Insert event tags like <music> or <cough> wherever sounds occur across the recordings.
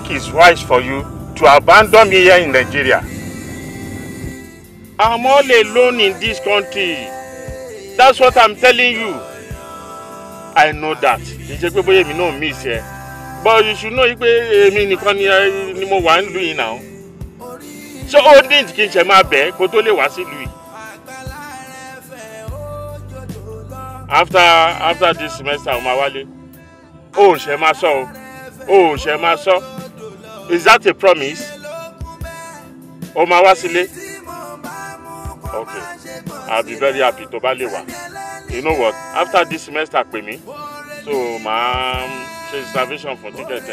think it's wise for you to abandon me here in Nigeria. I'm all alone in this country. That's what I'm telling you. I know that. Ìjẹ́ pé bóyá èmi náà miss ẹ. But you should know pé èmi nìkan ni mo wà nílùú yìí náà. Ṣé ó ní kí n ma be bẹ̀ kó tó lè wá sílùú After after this semester, ma wálé, ó ṣe máa sọ o, ó ṣe máa sọ. Is that a promise? O máa wá sílé? Okay, I'll be very happy tó bá lè wá. You know what? After this semester pè mí, so màá ṣe reservation for ticket.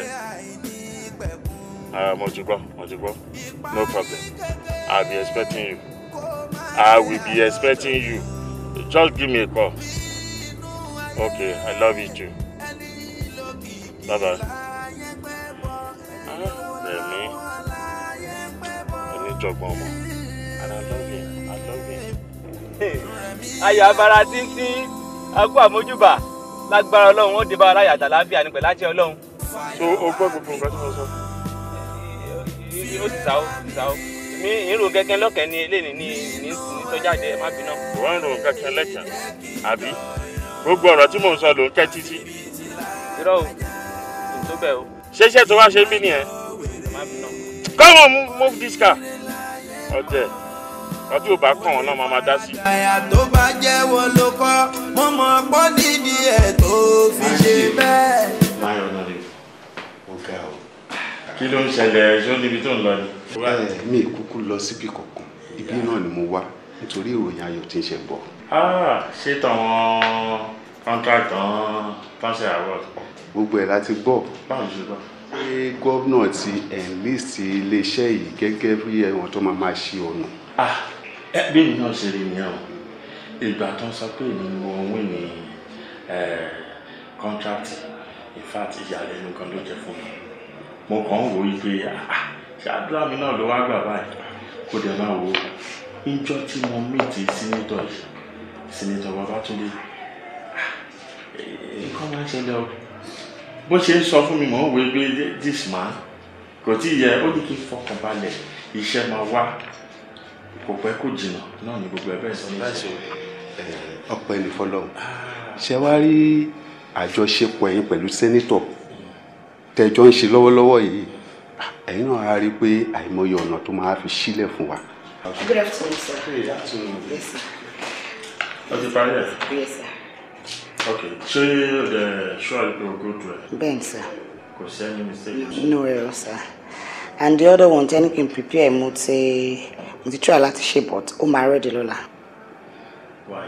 Eh, mo ti gbọ́, mo ti gbọ́. No problem. I'll be expecting you. I will be expecting you. Just give me a call. Okay, I love you too. Bye bye. jọ̀gbọ́n ọmọ and I love him abara títí akú àmójúbà lágbára ọlọ́run ó dé bá aráyà àtàláfíà ní pẹ̀lú àti ọlọ́run. so o gbọ́ gbogbo nǹkan tí mo sọ. ó sì sá ó sì sá ó mi ìrò kẹ̀kẹ́ lọ́kẹ́ ni eléyìí ní ní sọ́jáde má bínú. wọ́n ń rò kẹ̀kẹ́ lẹ́kàn àbí gbogbo ọ̀rọ̀ tí mò ń sọ ló ń kẹ́ títí. irọ́ o kò tó bẹ́ẹ̀ o. ṣé iṣẹ́ tó wá ṣe mí nìyẹn. come on move this car ọdẹ ọdún ò bá kàn wọn náà máa máa dá sí. àyà tó bá jẹ́wọ́ ló kọ́ mo mọ pọ́ nídìí ẹ̀ tó fi ṣe bẹ́ẹ̀. máyọ̀ náà lè wò ká o. kí ló ń ṣẹlẹ̀ ṣó níbi tó ń lọ ni. mi kúkú lọ síbi kankan ibi náà ni mo wá nítorí ìròyìn ayọ̀ tí ń ṣe bọ̀. Ah, ṣé tàwọn kọ́ńtrákì tán tán ṣe àwọ̀. gbogbo ẹ̀ láti gbọ́. báwo ṣe gbọ́ pé gómìnà ti enlist iléeṣẹ́ yìí gẹ́gẹ́ bí ẹ̀wọ̀n tó máa máa ṣe ọ̀nà. Ah, bí èmi náà ṣe rí nìyẹn o ìgbà tó ń sọ pé èmi ni mo ń wí ní kọ́ńtráàtì in fact ìyàlẹ́nu kan ló jẹ́ fún mi mo kàn ń wò ó pé ah, ah, ṣàdúrà mi náà ló wá gbà báyìí kó dẹ̀ máa wò ó níjọ́ tí mo mìtì sínétọ̀ yìí sínétọ̀ Babátúndé nǹkan máa ń ṣẹlẹ̀ o bó ṣe ń sọ fún mi mò ń wo gbé this man kò tí ì yẹ ó ní kí n fọkàn balẹ̀ iṣẹ́ máa wá kò pẹ́ kó jìnnà náà ni gbogbo ẹ̀bẹ̀ sọ láìsí ọpẹ́ ní fọlọ́run ṣe wá rí àjọṣepọ̀ ẹ̀yin pẹ̀lú sẹ́nítọ̀ tẹjọ́ ń ṣe lọ́wọ́lọ́wọ́ yìí ẹ̀yin náà á rí i pé àìmọye ọ̀nà tó máa fi sílẹ̀ fún wa. Good afternoon, sir. Good Yes, sir. Ó parí ẹ̀. Yes, sir ok ṣé ẹ ṣọ́ àlùkò ògùdù ẹ. bẹ́ẹ̀ ni sir. kò sí any mistake. no error sir and the other one tẹ́ni can prepare mo ti mo ti try láti ṣe but ó máa ready lọ́la. why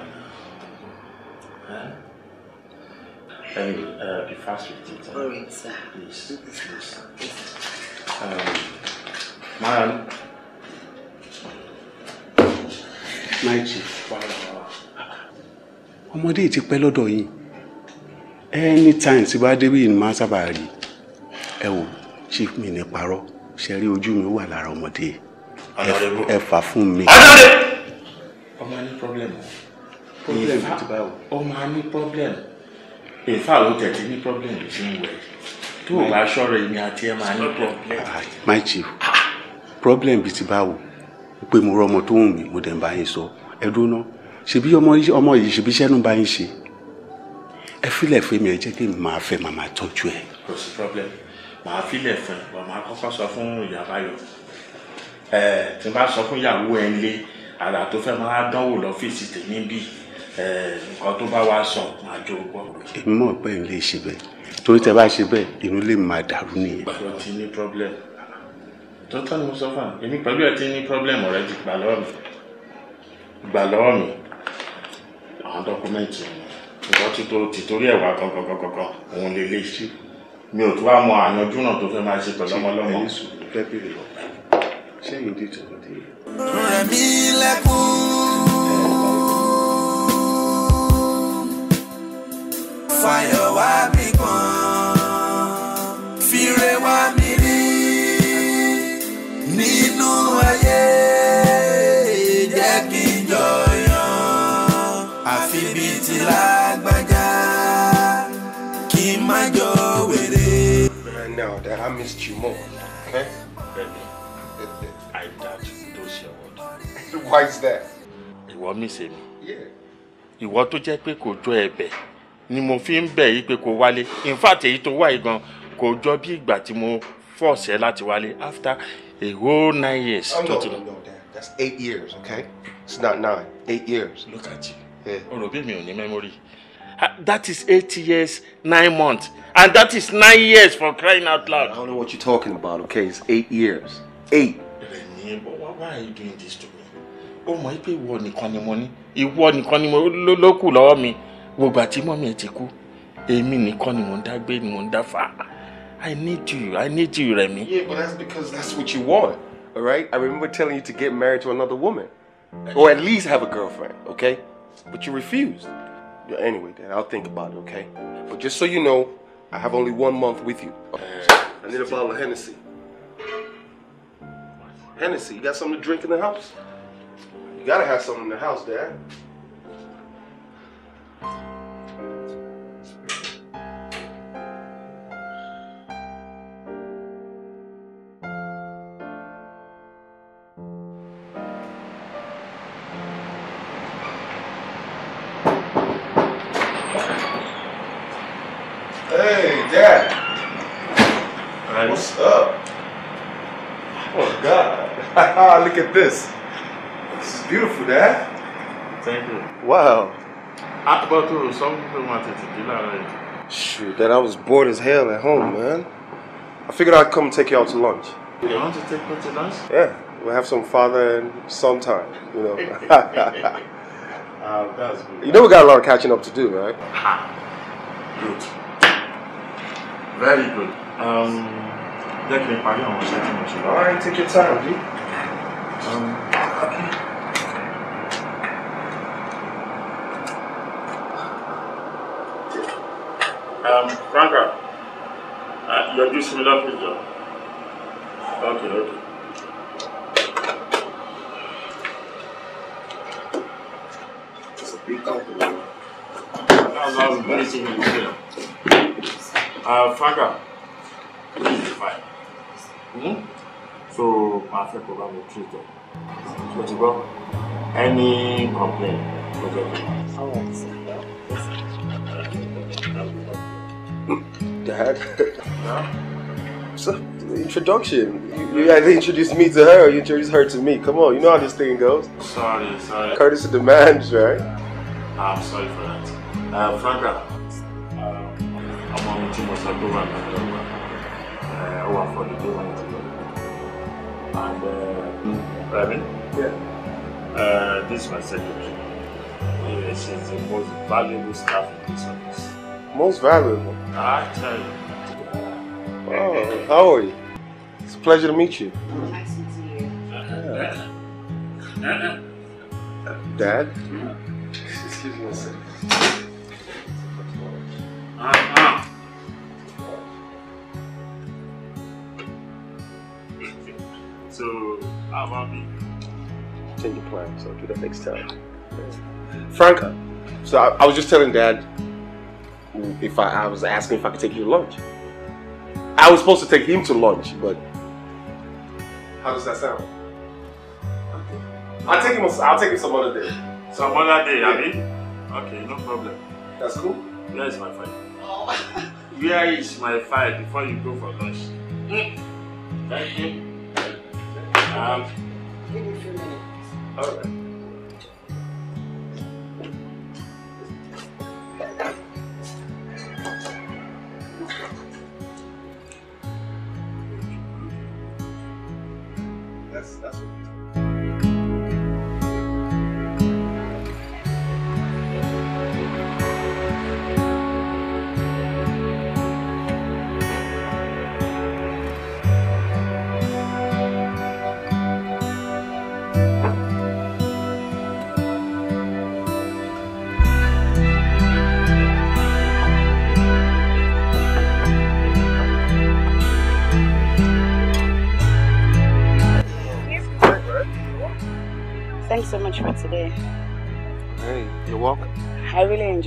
huh? anyway uh, be fast with it. all right sir. please please. Um, man. My chief. Wow ọmọdé yìí ti pẹ́ lọ́dọ̀ yìí anytime tí bá débí yìí ni máa sábà rí ẹ wò chief mi ní parọ́ ṣe rí ojú mi wà lára ọmọdé ẹ fà fún mi. ọmọ ní problem problem ti báwo. ọmọ ní problem ìfà ló tẹ̀lé ní problem ló ti ń wẹ̀ tó o bá ṣọ́ra èmi àti ẹ máa ní problem. my chief problem bíi ti báwo pé mo rọ ọmọ tó wù mí mo dẹ̀ ń bá yín sọ ẹ dúró náà ṣebí ọmọ ọmọ yìí ṣebí sẹ́nu bá yín ṣe ẹ filẹ̀ fún mi ẹ jẹ́ kí n máa fẹ́ màmá tọ́jú ẹ. kò sí problem màá filẹ̀ fún ẹ màá kọ́kọ́ sọ fún ìyá báyọ̀ ẹ tí n bá sọ fún ìyàwó ẹ lé àrà tó fẹ́ máa dánwò lọ́fíìsì tèmi bí nǹkan tó bá wá sọ màá jó gbọ́. èmi mọ̀ pé n lè ṣe bẹ́ẹ̀ torí tẹ bá ṣe bẹ́ẹ̀ inú lè máa dàrú nìyẹn. ìgbàlọ́ ti ní problem tó tán ni mo sọ fún ẹ èmi pẹ̀lú ẹ ti ní problem ọ̀rẹ́ ti gbà lọ́wọ́ mi gbà lọ́wọ́ mi àwọn dọ́kúmẹ́ǹtì nǹkan títò tìtorí ẹ̀wà gangan òun lè lè ṣí mi ò tún wá mọ àyànjú náà tó fẹ́ máa ṣe pẹ̀lú ọmọlọ́mọ. rẹ̀ mí lẹ́kún fàyọ̀ wá bí kan. now that I missed you more. Okay? Baby, <laughs> I doubt those your word. Why is that? Ìwọ mi ṣe mi. Yeah. Ìwọ tó jẹ́ pé kò jọ ẹ̀bẹ̀ ni mo fi ń bẹ̀ yí pé kò wálé. In fact èyí tó wá yìí gan kò jọ bí ìgbà tí mo force ẹ láti wálé after a whole nine years. Oh, no, no, no, That's eight years, okay? It's not nine. Eight years. Look at you. Yeah. Ọ̀rọ̀ bí mi ò ní memory that is eight years, nine months. And that is nine years for crying out loud. I don't know what you're talking about, okay? It's eight years. Eight. Rẹ̀ni, why are you doing this to me? Oh, my people ìwọ nìkan ni mo ní. Ìwọ nìkan ni mo ló kù lọ́wọ́ mi. Gbogbo àti mọ́mí ẹ̀ ti kú. Èmi nìkan ni mò ń dá ni mò ń dá I need you. I need you, Rẹ̀mi. Yeah, but that's because that's what you want, all right? I remember telling you to get married to another woman. Or at least have a girlfriend, okay? But you refused. Anyway, then I'll think about it, okay? But just so you know, I have only one month with you. I need a bottle of Hennessy. Hennessy, you got something to drink in the house? You gotta have something in the house, Dad. look at this. This is beautiful, Dad. Eh? Thank you. Wow. I thought there was some people wanted to do that. Shoot, Dad, I was bored as hell at home, man. I figured I'd come take you out to lunch. You want to take me to lunch? Yeah, we'll have some father and son time, you know. um, <laughs> that's good. You know we got a lot of catching up to do, right? Good. Very good. Um, Alright, take your time, dude. Um, Franca, uh, you are doing similar picture. Okay, okay. It's a big company. That's how very similar you Uh, Franca, please Fine. Hmm? So, perfect program of treatment mo ti gbọ́ any complaint What's jẹ́ <laughs> Dad? Huh? So, introduction. You, you either introduce me to her or you introduce her to me. Come on, you know how this thing goes. Sorry, sorry. Curtis demands, right? I'm sorry for that. Uh, Franca, uh, I'm on the team of Sakura uh, and uh, who for the day and uh, Raven. Yeah. Uh, this is my secretary. Yeah, she's the most valuable staff in this office. Most valuable? I tell you. Oh, how are you? It's a pleasure to meet you. Nice to meet you. Uh, Dad? Excuse me a 2nd <laughs> So I'm Change your plan, so do that next time. Yeah. Frank, so I, I, was just telling Dad if I, I was asking if I could take you to lunch. I was supposed to take him to lunch, but how does that sound? I'll take him. I'll take him some other day. Some other day, yeah. I mean. Okay, no problem. That's cool. Where is my file? Oh. <laughs> Where is my file before you go for lunch? Hmm. Thank you. Um, Give me a few minutes. All right.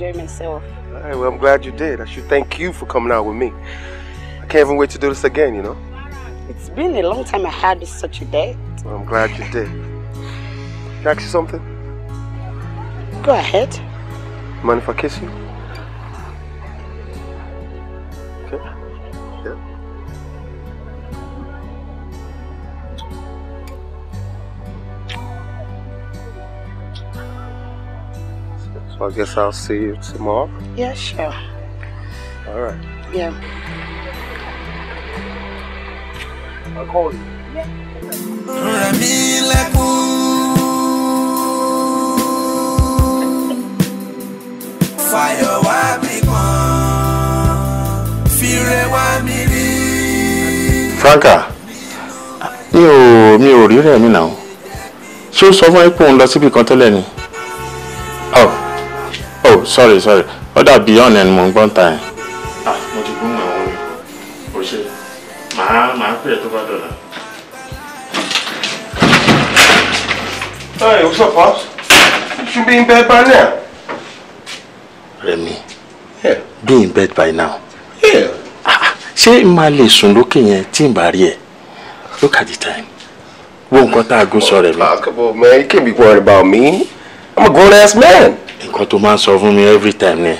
enjoy myself. All right, well, I'm glad you did. I should thank you for coming out with me. I can't even wait to do this again, you know? It's been a long time I had such a date. Well, I'm glad you did. Can I ask you something? Go ahead. Mind if I kiss you? I guess I'll see you tomorrow. Yeah, sure. All right. Yeah. I'll call you. Fire wa mi kan. Fire wa mi ri. Franka, mi ò mi ò rí rẹ̀ mi náà. Ṣé ó sọ fún ẹ pé òun lọ síbi kan tẹ́lẹ̀ ni? sorry sorry ọ̀dà beyond ẹni mò ń gbọ́n ta ẹ̀. Ah, mo ti gbóhùn ẹ̀wọ̀n mi kò ṣe màá màá pè é tó bá dọ̀la. Hey, what's up, Pops? should be in bed by now. Remi, Yeah. Be in bed by now. Yeah. Ah, n máa lè sùn lókè yẹn tí n bá rí ẹ? Look at the time. Wo nǹkan tá a gún sọ mi. Basketball man, you can't be worried about me. I'm a grown ass man nǹkan tó máa ń sọ fún mi every time ni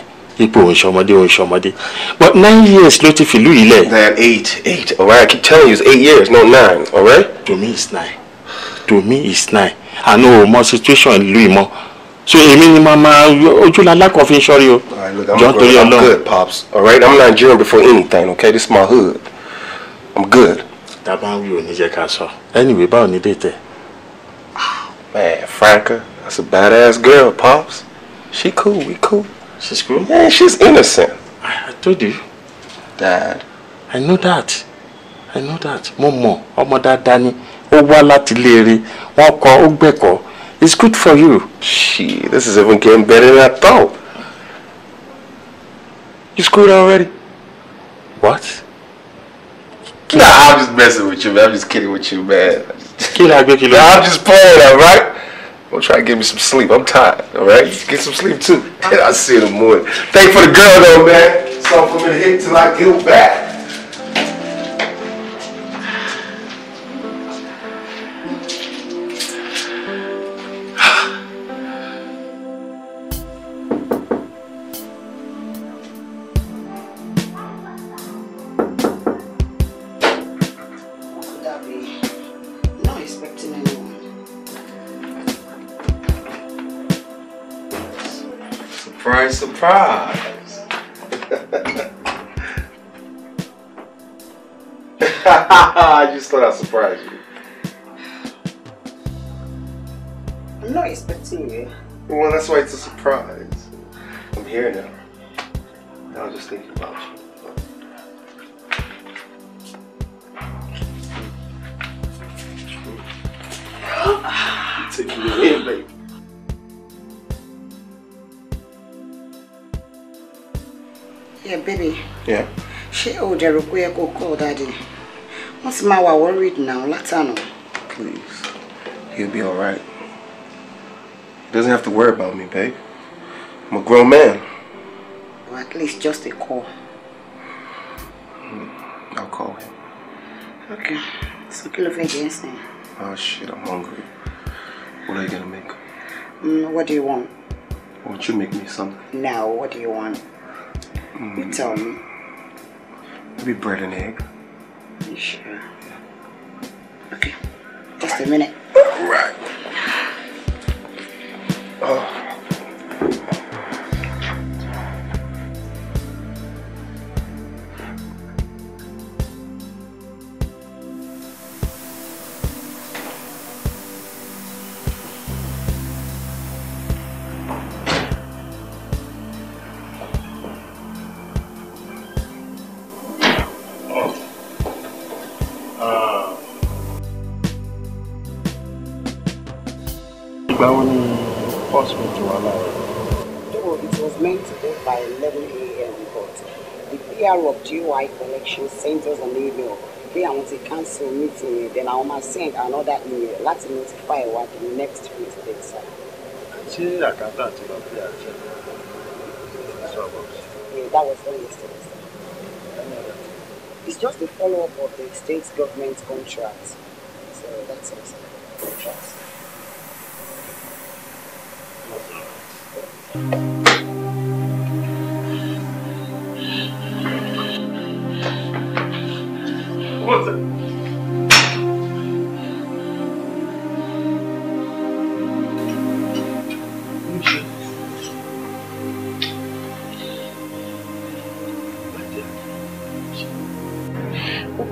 ipò òun ṣọmọdé òun ṣọmọdé but nine years ló ti fìlú yìí lẹ̀. then eight eight All right, I keep telling you it's eight years not nine All right. to me it's nine to me it's nine àná o mọ situation ìlú ìmọ so èmi ni màá máa ojú la lákàn fi ń ṣọ́rí o. jọ torí Ọlọ́run. I'm good pops All right, I'm Nigerian before anything okay this is my hood I'm good. dábà ń wí òní jẹ́ ká sọ anyway báwo ni dé tẹ̀. Ah, man Franca that's a badass girl pops. She cool. We cool. She's cool? Yeah, she's innocent. I, told you. Dad. I know that. I know that. Momo, mọ̀ ọmọ dáadáa ni. Ó wá Ugbeko. It's good for you. She, this is even getting better than I thought. You screwed already? What? Nah, I'm just messing with you, man. I'm just kidding with you, man. Kí ni Nah, I'm just playing, right? Don't try to get me some sleep. I'm tired. All right, get some sleep too. And I'll see you in the morning. Thank you for the girl though, man. to hit till I get back. máa wà worried now Latano. please he'll be alright he doesn't have to worry about me babe I'm a grown man. or at least just a call. Hmm, I'll call him. okay so kí ló fẹ́ jẹ́ sìn. oh shit I'm hungry what are you gonna make. Mm, what do you want. won't you make me something. now what do you want. Mm. you hmm. tell me. maybe bread and egg. Are you sure? Okay. Just a minute. All right. Oh. GY collection sent us an email pé àwọn ti cancel meeting then I will send another email láti notify what the next week is. See ṣé àkàtà àti bàbá Yeah, that was done yesterday, It's just a follow-up of the state government contract. So that's it, Contract. What's that?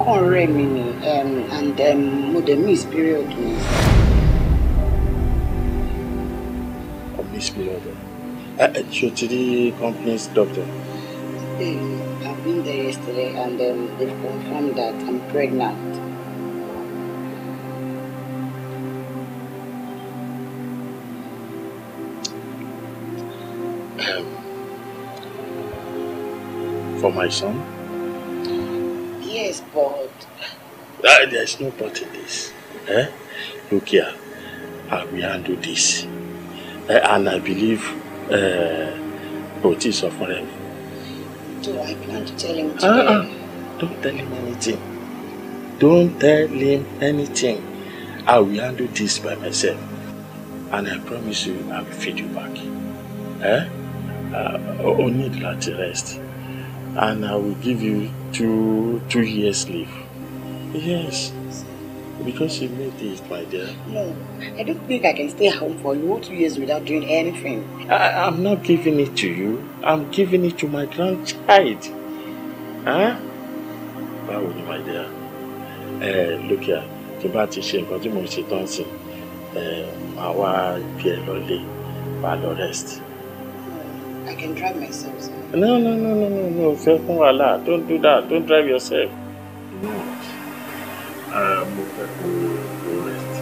kàn rẹ̀ mí ni and mo dẹ̀ miss period mi. miss period ẹ eh, eh, ṣe o ti rí company's doctor. bẹ́ẹ̀ni. Eh, I've been there yesterday and then they've confirmed that I'm pregnant. Um, for my son? Yes, but... Ah, there's no but in this. Eh? Look here, I will handle this. Uh, and I believe uh, eh, Otis oh, of Oremi do, I plan to tell him ah, today. Uh-uh. Don't tell him anything. Don't tell him anything. I will handle this by myself. And I promise you, I will feed you back. Eh? Uh, you need rest. And I will give you two, two years leave. Yes. Because she made this, my dear. No, I don't think I can stay home for you two years without doing anything. I, I'm not giving it to you. I'm giving it to my grandchild. Huh? would you, my dear? Eh, look here. The bá ti ṣe nǹkan tí mo ṣe tán sí, eh, màá wá bí ẹ lọ́lé, rest. I can drive myself. Sir. No, no, no, no, no, no. Fẹ́ fún wàhálà. Don't do that. Don't drive yourself. No. mo fẹ́ kó o rest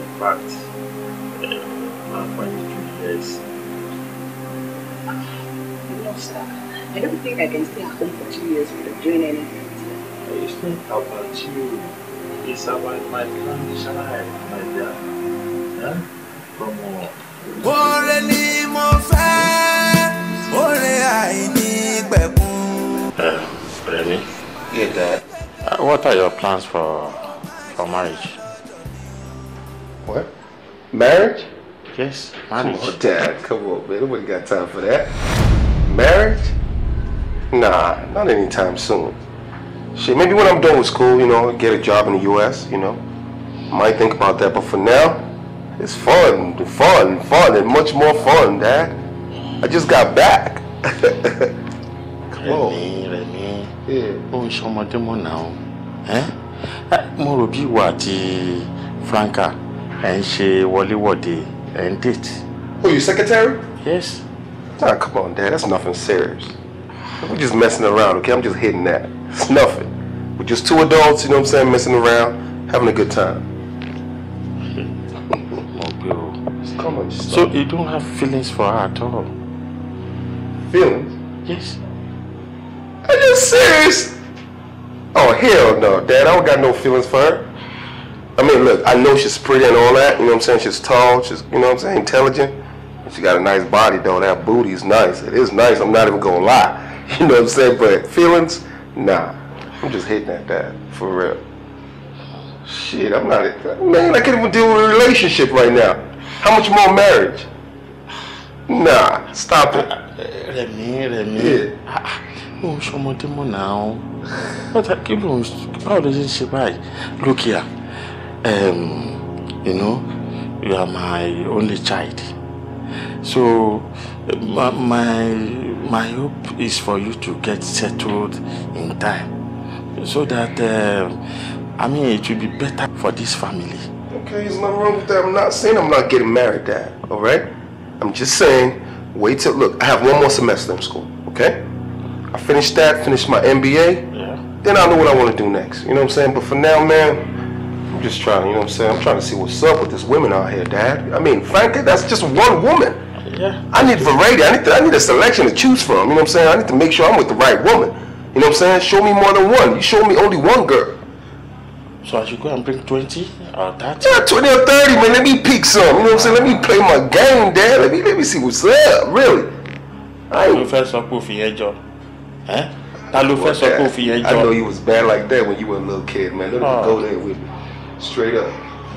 in fact máa fà ní two years. No, sir. I don't think I can stay at home for two years without doing anything. It's not about you. It's about my condition my dear. Yeah? From all. Oore ni mo fẹ́, oore àìní pẹ̀kun. Rẹ̀mí. Yeah, Dad. Uh, what are your plans for for marriage? What? Marriage? Yes, marriage. Come on, Dad. Come on, man. Nobody got time for that. Marriage? Nah, not anytime soon. Shit, maybe when I'm done with school, you know, get a job in the U.S., you know. Might think about that, but for now, it's fun, fun, fun, and much more fun, Dad. I just got back. <laughs> Come Remy, on. Remy. Yeah. Oh, it's demo now mo rò bí ìwà àti Franca ẹ̀ ń ṣe wọléwọ̀de ẹ̀ ń date. Oh, you secretary? Yes. Nah, come on, Dad. That's nothing serious. We're just messing around, okay? I'm just hitting that. It's nothing. We're just two adults, you know what I'm saying, messing around, having a good time. <laughs> Oh. come on, so you don't have feelings for her at all? Feelings? Yes. Are you serious? Oh, hell no, Dad. I don't got no feelings for her. I mean, look, I know she's pretty and all that. You know what I'm saying? She's tall. She's, you know what I'm saying, intelligent. She got a nice body, though. That booty's nice. It is nice. I'm not even going to lie. <laughs> You know what I'm saying? But feelings? Nah. I'm just hitting at that, for real. Shit, I'm not... Man, I can't even deal with a relationship right now. How much more marriage? Nah, stop it. Let me, let me. Yeah. ó ṣọmọdé mọ̀ náà ó bàtà kí ló ń báwo ló ṣe ń ṣe báyìí look here um, you know you are my only child so my my, hope is for you to get settled in time so that uh, I mean it will be better for this family. Okay, there's nothing wrong with that. I'm not saying I'm not getting married, Dad. All right? I'm just saying, wait till look. I have one more semester in school. Okay? I finished that, finished my MBA. Yeah. Then I know what I want to do next. You know what I'm saying? But for now, man, I'm just trying. You know what I'm saying? I'm trying to see what's up with this women out here, Dad. I mean, frankly, that's just one woman. Yeah. I need variety. I need to, I need a selection to choose from. You know what I'm saying? I need to make sure I'm with the right woman. You know what I'm saying? Show me more than one. You show me only one girl. So I should go and bring 20 or 30? Yeah, 20 or 30, man. Let me pick some. You know what I'm saying? Let me play my game, Dad. Let me let me see what's up, really. I ain't... Professor Puffy, hey, John. I know you was bad like that when you were a little kid man don't ah. go there with me straight up.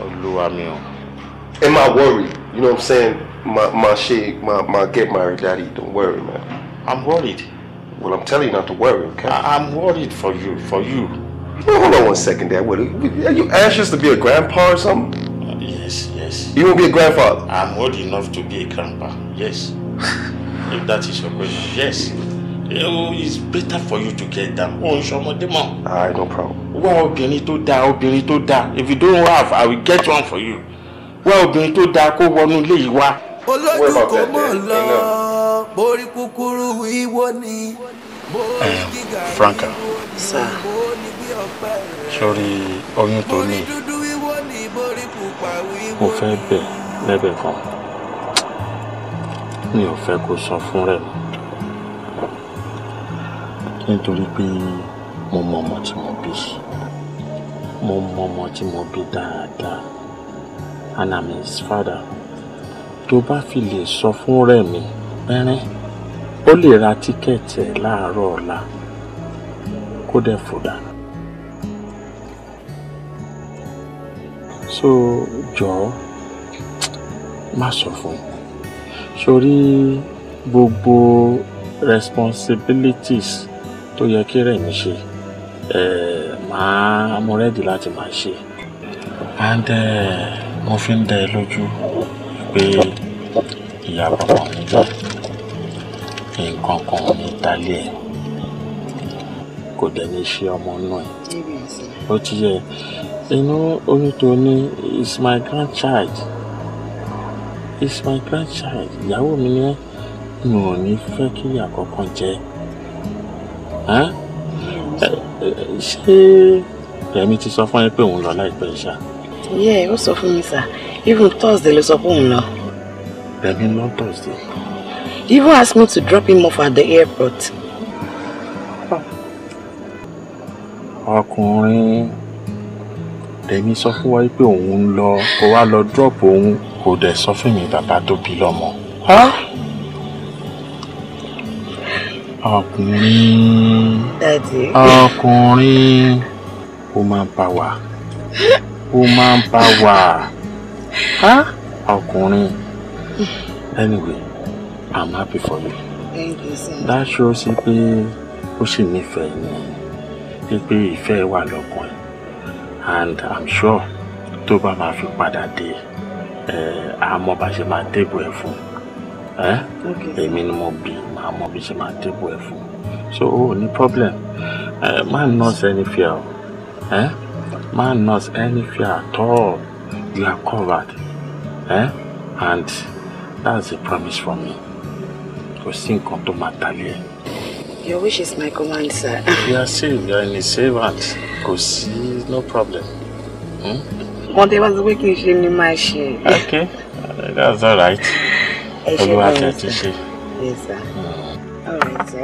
I'm o. and you know what I'm saying my my shit my my get married daddy don't worry man. I'm worried. Well, I'm telling you not to worry, okay? I I'm worried for you, for you. Well, hold on one second, Dad. What, are you anxious to be a grandpa or something? Uh, yes, yes. You want to be a grandfather? I'm old enough to be a grandpa, yes. <laughs> if that is your question, yes. it's better for you to get down Oh, n ṣọmọdé mọ. alright no problem. Well, obìnrin tó dáa obìnrin tó dáa if you don't have i will get one for you Well, obìnrin tó dáa kó wọnú ilé yìí wá. olójú kò mọ̀ lọ borí kúkúrú ìwọ ni. Eh, Franka sir sorry, oyún tó ní mo fẹ́ bẹ̀ lẹ́bẹ̀ kan mi ò fẹ́ kó sọ fún rẹ̀ mọ́ nítorí pé mo mọ ọmọ tí mo bí mo mọ ọmọ tí mo bí dáadáa and I'm his father tó bá fi lè sọ fún rẹ̀ mi pẹ́rẹ́ ó lè ra tíkẹ́ẹ̀tì ẹ̀ láàárọ̀ ọ̀la kó dẹ̀ fò so jọ̀ọ́ má sọ fún un gbogbo responsibilities tó yẹ kí rẹ̀mí ṣe màá mo rẹ́dì láti máa ṣe and mo fi ń dẹ lójú pé ìyá bàbá mi jẹ́ nǹkan kan ní ìdálé ẹ̀ kò dẹ̀ ní ṣe ọmọ náà ẹ̀ ó ti yẹ inú oyún is my grandchild is my grandchild ìyàwó mi ni mi ò ní fẹ́ kí ìyá kankan jẹ́ ṣé Rẹ̀mí ti sọ fún yín pé òun lọ láìpẹ́ ṣá. yẹ ó sọ fún mi sà even Thursday ló sọ pé òun lọ. Rẹ̀mí lọ Thursday. He even asked me to drop him off at the airport. ọkùnrin Rẹ̀mí sọ fún wa pé òun lọ kó wá lọ drop òun kò dẹ̀ sọ fún mi bàbá tó bí lọ́mọ. Huh? ọkùnrin ọkùnrin woman power woman power ha ọkùnrin anyway i'm happy for you thank you sir that shows sí pé ó sì nífẹ̀ẹ́ ni wípé ìfẹ́ wà lọ́kàn ẹ̀ and i'm sure tó bá máa fi padà dé ẹ̀ eh, àmọ́ bá ṣe máa débò ẹ̀ fún ẹ̀ eh? èmi ni mo bí i màá mọ bí ṣe máa débò ẹ fún so o ní problem ẹ má nurse any fear o ẹ má nurse any fear at all you are covered ẹ and that's a promise from me kò sí nǹkan tó máa tàlé ẹ. Your wish is my command, sir. you are safe, you are in a safe hand. Kò sí, no problem. Hmm? Whatever the way kí n ṣe ni máa ṣe. Okay, that's all right. Olúwa tẹ̀ ti ṣe. Yes, sir.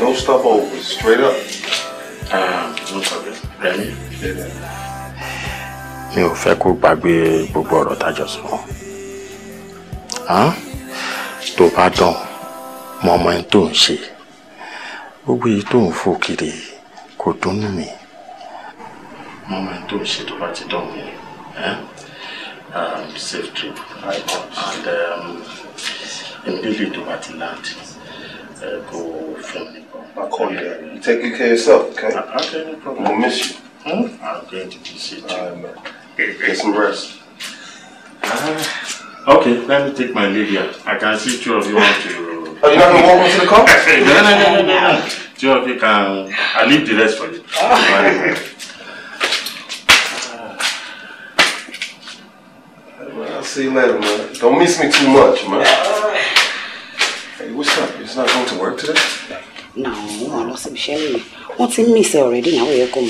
No stuff over, straight up. Ah, Rẹ̀mí. Mi ò fẹ́ kó gbàgbé gbogbo ọ̀rọ̀ tájọ sọ. Tó bá dán, mọ ọmọ ẹni tó ń ṣe. Gbogbo èyí tó ń fò kiri kò dùnnú mi. Mọ ọmọ ẹni tó ń ṣe tó bá ti dán mi. Eh? Um, safe trip and um, immediately tó bá ti land, eh, kò fún mi. I'll oh, call you later. You taking care of yourself, okay? I, okay, no problem. I'm gonna miss you. Hmm? I'm going to miss you too. All right, man. Eh, eh. Get some rest. Uh, okay, let me take my leave here. I can see two of you want to. Are oh, you not gonna walk into the car? no, no, no, no, no. no. Two of you can. I'll leave the rest for you. Ah. I'll see you later, man. Don't miss me too much, man. Ah. Hey, what's up? It's not going to work today? Now, I lost him, Sherry. What's he miss already? Now, where you come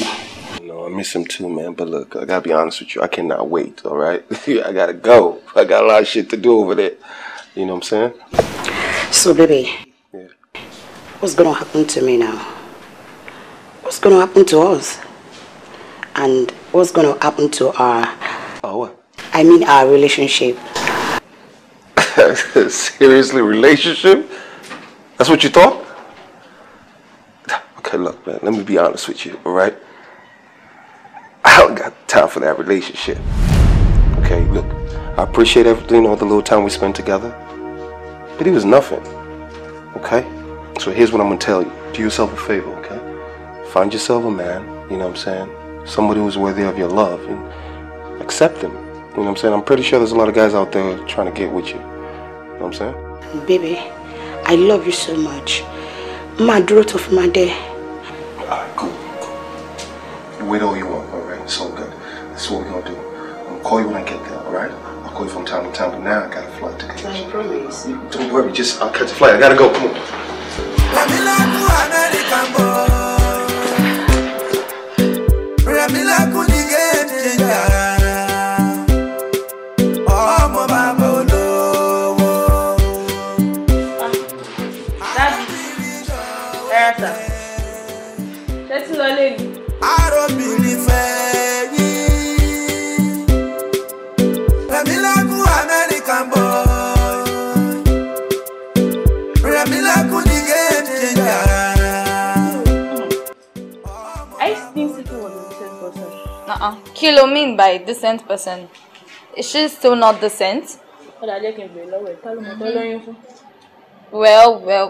No, I miss him too, man. But look, I gotta be honest with you. I cannot wait, all right? <laughs> I gotta go. I got a lot of shit to do over there. You know what I'm saying? So, baby. Yeah. What's gonna happen to me now? What's gonna happen to us? And what's gonna happen to our. Our what? I mean, our relationship. <laughs> Seriously, relationship? That's what you thought? Okay, look, man, let me be honest with you, all right? I don't got time for that relationship. Okay, look, I appreciate everything, all the little time we spent together, but it was nothing. Okay? So here's what I'm gonna tell you. Do yourself a favor, okay? Find yourself a man, you know what I'm saying? Somebody who's worthy of your love and accept them. You know what I'm saying? I'm pretty sure there's a lot of guys out there trying to get with you. You know what I'm saying? Baby, I love you so much. My daughter of my day. Alright, cool, You wait all you want, alright? It's all good. This is what we're gonna do. I'll call you when I get there, alright? I'll call you from time to time, but now I got a flight to catch. I promise. Don't worry, just I'll catch a flight. I gotta go, come on. Uh-uh. mean by decent person? Is she still not decent? Well well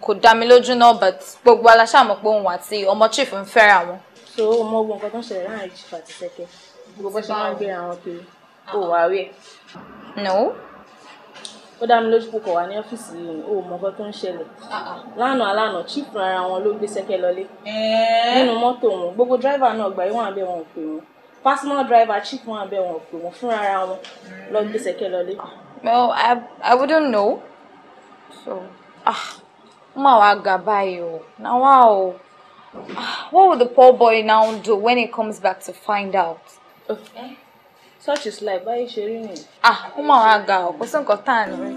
kò dá mi lójú náà but gbogbo aláṣàmọ̀ pé òun àti ọmọ chief ń fẹ́ra wọn. So ọmọ ogun nǹkan tó ń ṣẹlẹ̀ láàrin chief àti sẹ́kẹ̀. Gbogbo ṣe máa ń gbéra wọn kiri. Kò wá rí ẹ̀. No ó dá mi lójú kòkò wá ní ọ́fíìsì yìí ni ó mọ nǹkan tó ń ṣẹlẹ̀ ah, ah. lánàá lánàá chief rárá wọn ló gbé sẹ́kẹ́ lọlé nínú mọ́tò wọn gbogbo driver náà gbà yíwọ̀n abẹ́ wọn ò pè wọn personal driver chief wọn abẹ́ wọn ò pè wọn fúnra ara wọn lọ gbé sẹ́kẹ́ lọlé. well i i wouldn't know so ah mà wá ga báyìí o na wá o ah, what will the poor boy now do when he comes back to find out. Okay. Oh. Eh? such is life báyìí ṣe rí nìyí. ah ó mà wá ga ọ kò sí nǹkan tá à ní rí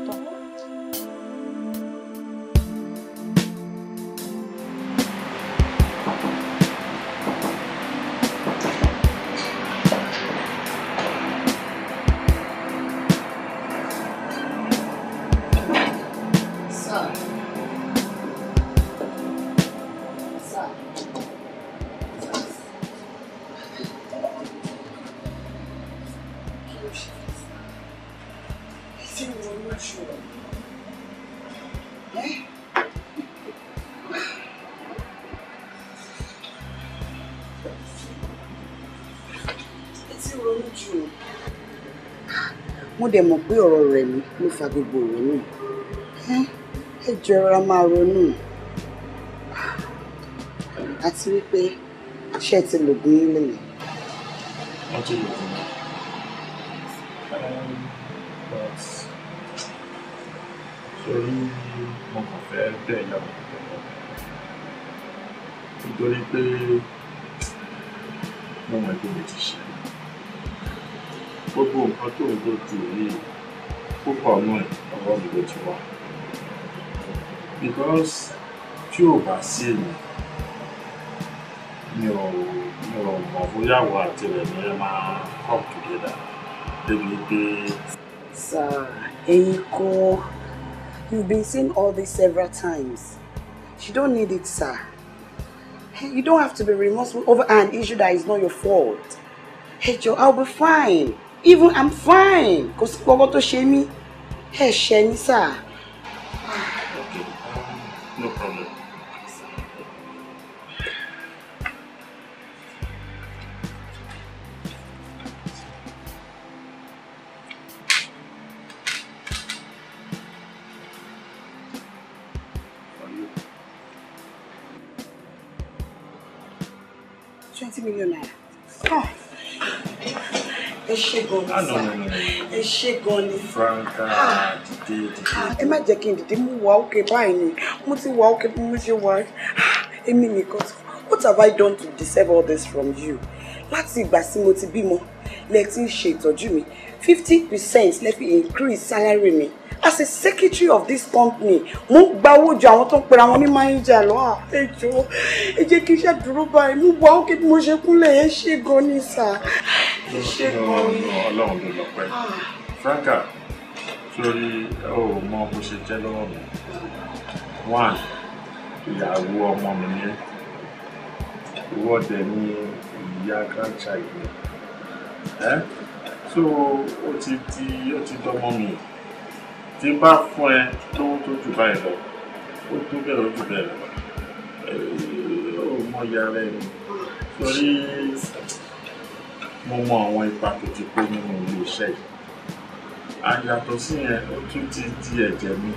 dẹ̀ mọ̀ pé ọ̀rọ̀ rẹ̀ mi ló fa gbogbo ìrònú ẹ jọ ẹra máa ronú àti wípé ṣé ti lògùn yín lè. wọ́n ti lògùn mi um, sori mo kàn fẹ́ bẹ́ẹ̀ yà wọ́n nítorí pé mo mọ̀ pé mo ti ṣe gbogbo nǹkan tó ń gbó ju púpọ̀ náà ọwọ́ mi ló ti wà because tí ò bá sí èmi mi ò mi ò mọ̀ bóyá àwọ̀ àti rẹ̀ ni ẹ máa come together débi pé. sir ẹ̀yin kọ́ you've been saying all this several times you don't need it sir you don't have to be remorseful over an issue that is not your fault. Hey Joe, I'll be fine even i'm fine cause sí gbọ́ngàn to shame me. Hey, ṣe ní sáà. Ah, okay um, no problem. twenty million naira ṣe gan ni ah, sá ẹ ṣe gan ni. Franca ah, dìde dìde. Ah, ẹ má jẹ́ kí n dìde mú wa òkè báyìí ni mo ti wà òkè bí mo ṣe wà what have I done to deserve all this from you Let's see, tí mo ti bímọ lẹ ti ń ṣe ìtọ́jú mi fifty percent lẹ fi increase salary me as a secretary of this company mo ń gba owó ju àwọn tó ń pera wọn ní manager lọ àpéjọ ah, ẹ jẹ́ kí iṣẹ́ dúró báyìí mo wà ókè bí mo ṣe kúnlẹ̀ ẹ ṣe gan ni sà ẹ ṣe gan ni. Ọlọ́run ló lọ pẹ ah. franka sórí ó mọ bó ṣe jẹ lọ́wọ́ mi one ìyàwó ọmọ mi ní ìwọde ní ìyá grandchild mi ẹ so ó ti di ó ti dọmọ mi tí bá fún ẹ lówó tó jù báyìí lọ ó tó bẹ̀rẹ̀ ó jù ó mọ ìyá rẹ ni torí mo mọ àwọn ipa tó ti kó nínú ilé yìí àyàtọ̀ sí yẹn ó tún ti di ẹ̀jẹ̀ mi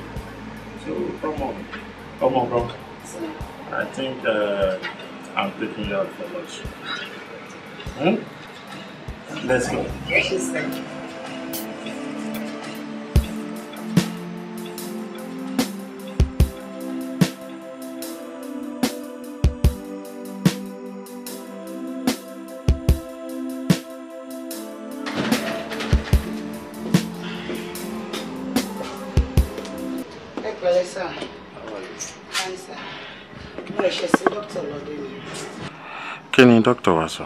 so ọmọ ọmọ kan I think uh, I'm taking you out for lunch. Hmm? Let's go. Yes, sir. kí ni dókítà wa sọ.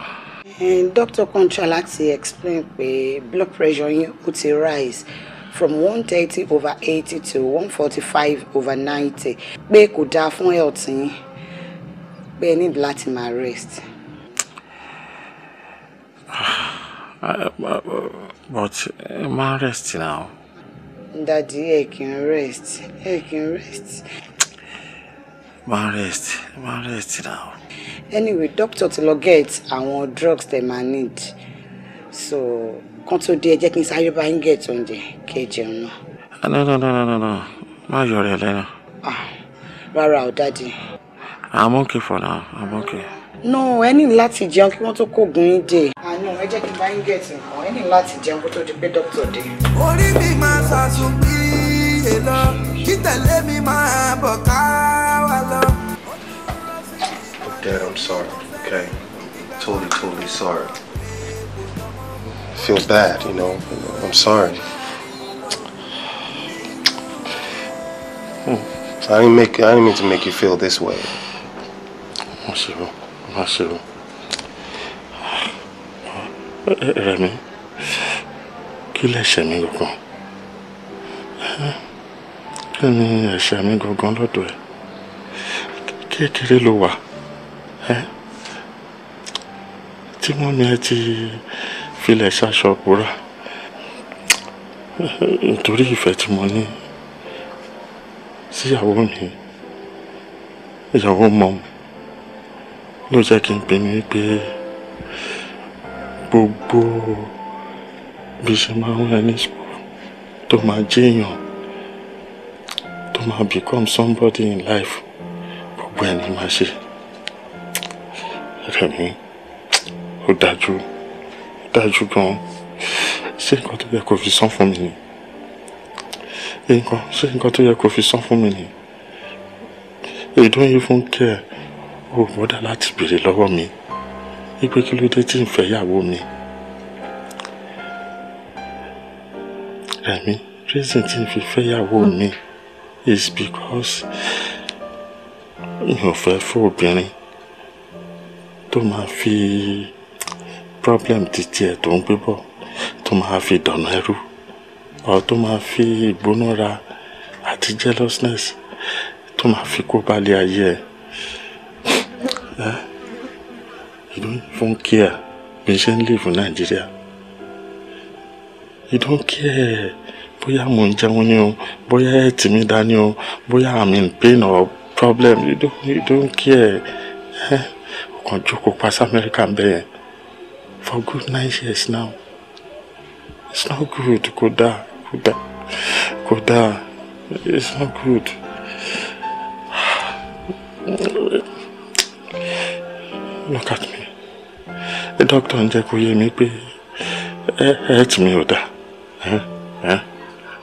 Eh, dókítà kan try láti explain pé blood pressure yín ó ti rise from one thirty over eighty to one forty five over ninety pé kò dáa fún health yín pé ẹ need láti máa rest. Ah, eh, but, but eh, ma rest now. Daddy, ẹ kì í rest ẹ kì í rest máa rest máa rest now. anyway doctor ti lọ get àwọn drugs they ma need so kan to dé ẹ jẹ́ kí n sáré bá ń get oúnjẹ kí ẹ jẹun náà. Ah, no no no no no má yọ rẹ lẹ́nu. Ah, Rara, o dáàdi. I'm okay for now I'm okay. no ẹ ní láti jẹun kí wọ́n tó kóògùn yín dé. àná ah, ẹ jẹ́ kí n bá ń get nǹkan ẹ ní láti jẹun to tó di pé dókítà dé. orí mi máa ṣàtúnbí. òkè lọ kí tẹ̀lé mi máa bọ̀ ká Dad, I'm sorry, okay? totally, totally sorry. I feel bad, you know? I'm sorry. Hmm, I didn't make I didn't mean to make you feel this way. Masiru, Masiru. Rẹ̀mí, kí lẹ̀ṣẹ̀ mi gbọ̀ngàn? kí ni ẹ̀ṣẹ̀ mi gangan lọ́dọ̀ ẹ̀ kékeré ló wà ẹ́ tí mọ́mi ẹ ti filẹ̀ ṣaṣọ òpùrà nítorí ìfẹ́ tí mo ní síyàwó mi ìyàwó mọ́ ló jẹ́ kí n pinnu pé gbogbo bí ṣe máa ń rẹ ní sùúrù tó máa jẹ́yàn máa become somebody in life gbogbo ẹ̀ ní máa ṣe rẹ̀mí ó dájú ó dájú gan-an ṣé nǹkan tó yẹ kó fi san fún mi ni nǹkan ṣé nǹkan tó yẹ kó fi san fún mi ni èyí tó ń yí fún kẹ́ ẹ̀ ó gbọ́dọ̀ láti béèrè lọ́wọ́ mi wípé kí ló dé tí ń fẹ́yàwó mi. Rẹ̀mí reason tí n fi fẹ́yàwó mi. Mm is because èèyàn fẹ́ fún obìnrin tó máa fi problem títí ẹ̀ tó ń gbé bọ̀ tó máa fi dọ̀nà ẹrú ọ̀ tó máa fi ìgbónára àti jealousness tó máa fi kó balẹ̀ ayé ẹ̀ you don't even care bí n ṣe ń live Nàìjíríà you don't care bóyá mò ń jẹun ni o bóyá ẹ̀tì mi dání o bóyá i'm in pain or problem you don't, you don't care ẹ eh, ọkàn jókòó pa sí amẹ́ríkà ń for good nine years now it's not good kò dáa kò dáa kò dáa it's not good. Look at me. The doctor ń jẹ́ kó yé mi pé ẹ ẹ tì mí ò dáa. Eh, eh.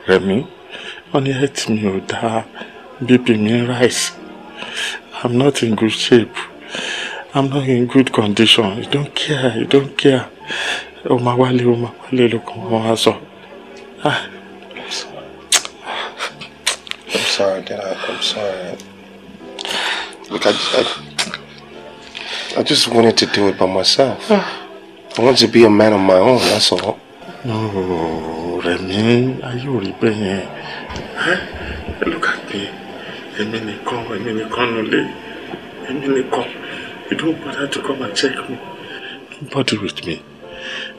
Rẹ̀mí wọ́n ní health mi ò da, bp mi rice. i'm not in good shape i'm not in good condition you don't care you don't care o máa wálé o máa wálé lókun wọn wá sọ. Ah. I'm sorry, Dad. I'm sorry. Look, I, I, I just wanted to do it by myself. Ah. I wanted to be a man on my own, that's all. Rẹ̀mí ayé ò rí bẹ́ẹ̀ yẹn ẹ ló kà pé èmi nìkan èmi nìkan nulẹ̀ èmi nìkan you don't bother to come and check me don't bother with me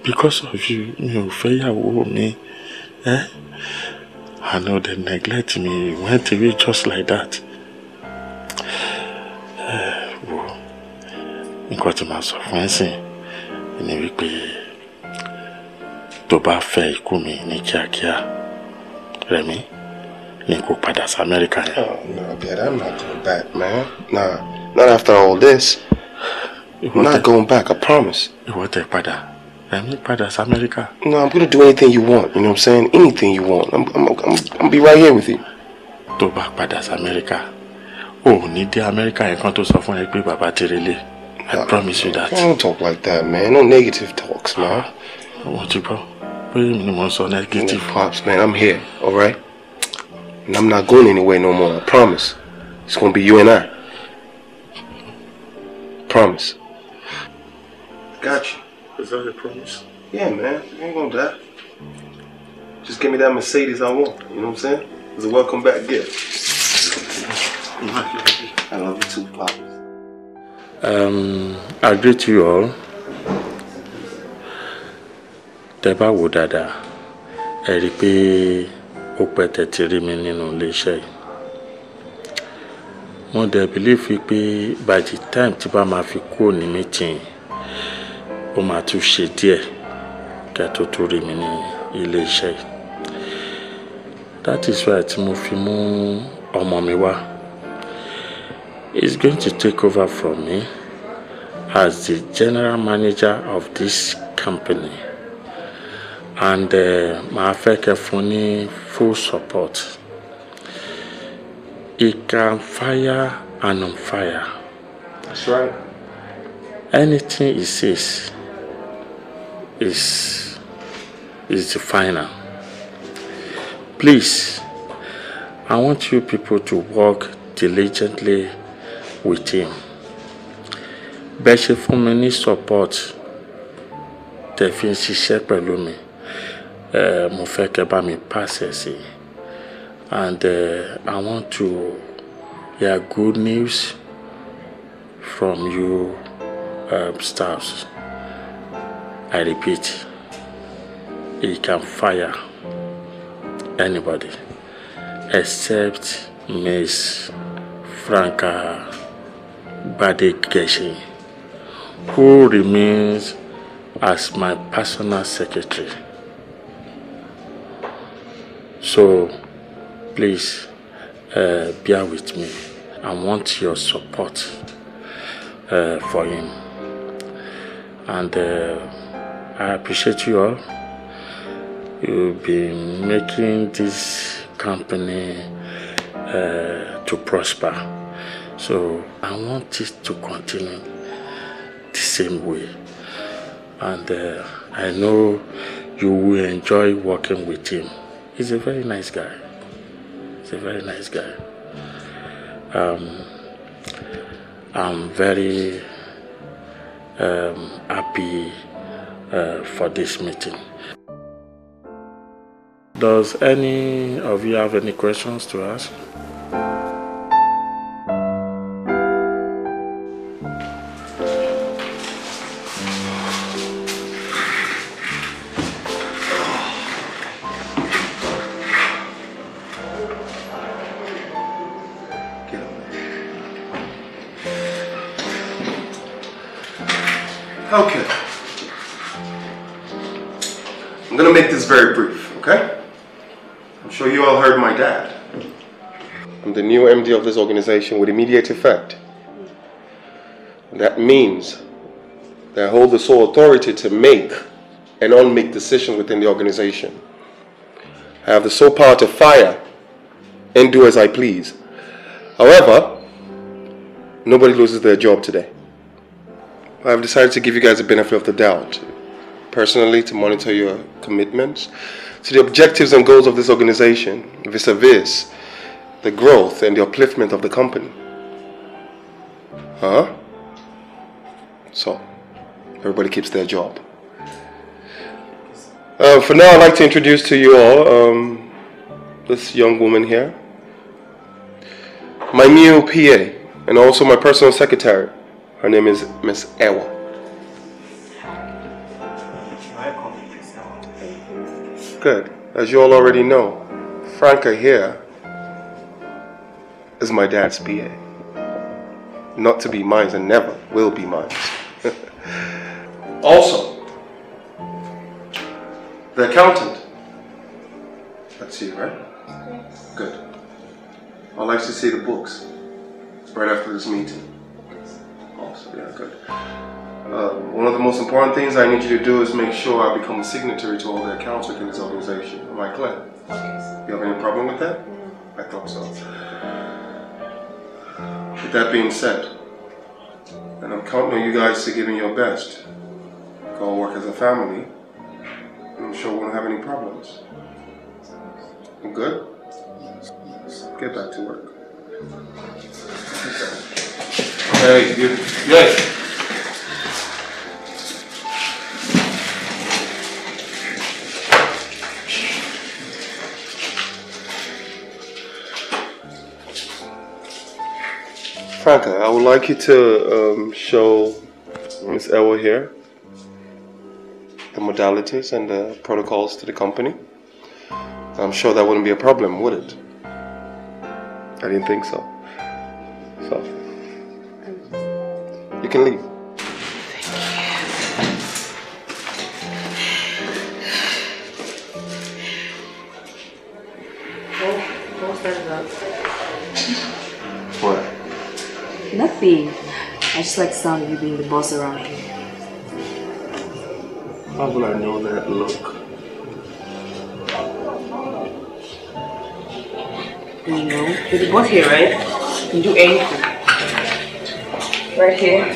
because of you you ò me. yàwó I know they neglect me went away just like that ẹ wo nǹkan tí màá sọ fún ẹ sìn tó bá fẹ́ ikú mi ní kíákíá Rẹ̀mí ni kò padà sí Amẹ́ríkà yẹn. Oh, no no dad i'm not going back man nah not after all this i'm not going back i promise. ìwọ tẹ padà Rẹ̀mí padà sí Amẹ́ríkà. no i'm gonna do anything you want you know what i'm saying anything you want i'm i'm i'm, I'm be right here with you. tó bá padà sí Amẹ́ríkà o ò ní dé Amẹ́ríkà yẹn kan tó sọ fún ẹ pé bàbá ti relé. I promise you that. Don't talk like that, man. No negative talks, man. What you bro? sọ negative. Pops, man, I'm here, all right? And I'm not going anywhere no more, I promise. It's gonna be you and I. Promise. Got you. Is that your promise? Yeah, man. You ain't gonna die. Just give me that Mercedes I want. You know what I'm saying? It's a welcome back gift. I love you too, Pops. Um, I greet you all. tẹ́ bá wò dáadáa ẹ rí i pé ó pẹ́ tẹ̀tí rí mi nínú iléeṣẹ́ yìí mo dẹ̀ bìlífì pé by the time tí bá máa fi kúrò ní meeting ó máa tún ṣe díẹ̀ kẹ́ tó tó rí mi ní iléeṣẹ́ yìí that is why tí mo fi mú ọmọ mi wá is going to take over from me as the general manager of this company and uh, màá fẹ́ kẹ́ fún ní full support. He can fire and on fire. That's right. Anything he says is is the final. Please, I want you people to work diligently with him. Bẹ́ẹ̀ ṣe fún mi ní support tẹ̀ fi ń ṣiṣẹ́ pẹ̀lú mi. Eh, mo fẹ́ kẹ́ bá mi and uh, I want to hear good news from you um, staffs. I repeat, he can fire anybody except Miss Franca Badekeshi, who remains as my personal secretary. So please uh, bear with me. I want your support uh, for him. And uh, I appreciate you all. You'll be making this company uh, to prosper. So I want it to continue the same way. And uh, I know you will enjoy working with him he's a very nice guy. He's a very nice guy. Um, I'm very um, happy uh, for this meeting. Does any of you have any questions to ask? it's very brief, okay? I'm sure you all heard my dad. I'm the new MD of this organization with immediate effect. That means that I hold the sole authority to make and unmake decisions within the organization. I have the sole power to fire and do as I please. However, nobody loses their job today. I've decided to give you guys the benefit of the doubt personally to monitor your commitments to the objectives and goals of this organization vis a vis the growth and the upliftment of the company. Huh? So, everybody keeps their job. Uh, for now, I'd like to introduce to you all um, this young woman here, my new PA, and also my personal secretary. Her name is Miss Ewa. good. As you all already know, Franca here is my dad's PA. Not to be mine and never will be mine. <laughs> also, the accountant. That's you, right? Yes. Good. I'd like to see the books right after this meeting. Also, yeah, good. Uh, one of the most important things I need you to do is make sure I become a signatory to all the accounts within this organization. Am I clear? Okay. You have any problem with that? No. Mm. I thought so. With that being said, and I'm counting on you guys to give me your best. Go work as a family. And I'm sure we won't have any problems. I'm good? Get back to work. Hey, you. Yes. Franca, I would like you to um, show Ms. Elwa here the modalities and the protocols to the company. I'm sure that wouldn't be a problem, would it? I didn't think so. So, you can leave. I just like the sound of you being the boss around here. How will I know that look? You know, you're the boss here, right? You can do anything. Right here,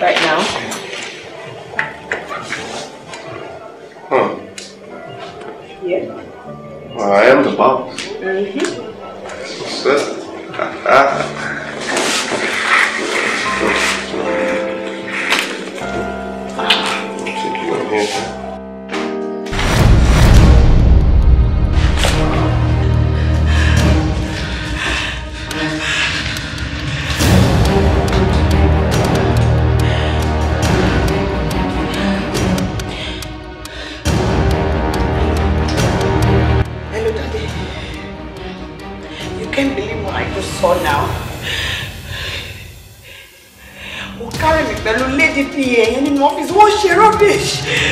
right now. Huh. Yeah. Well, I am the boss. Mm-hmm. Yeah. <laughs>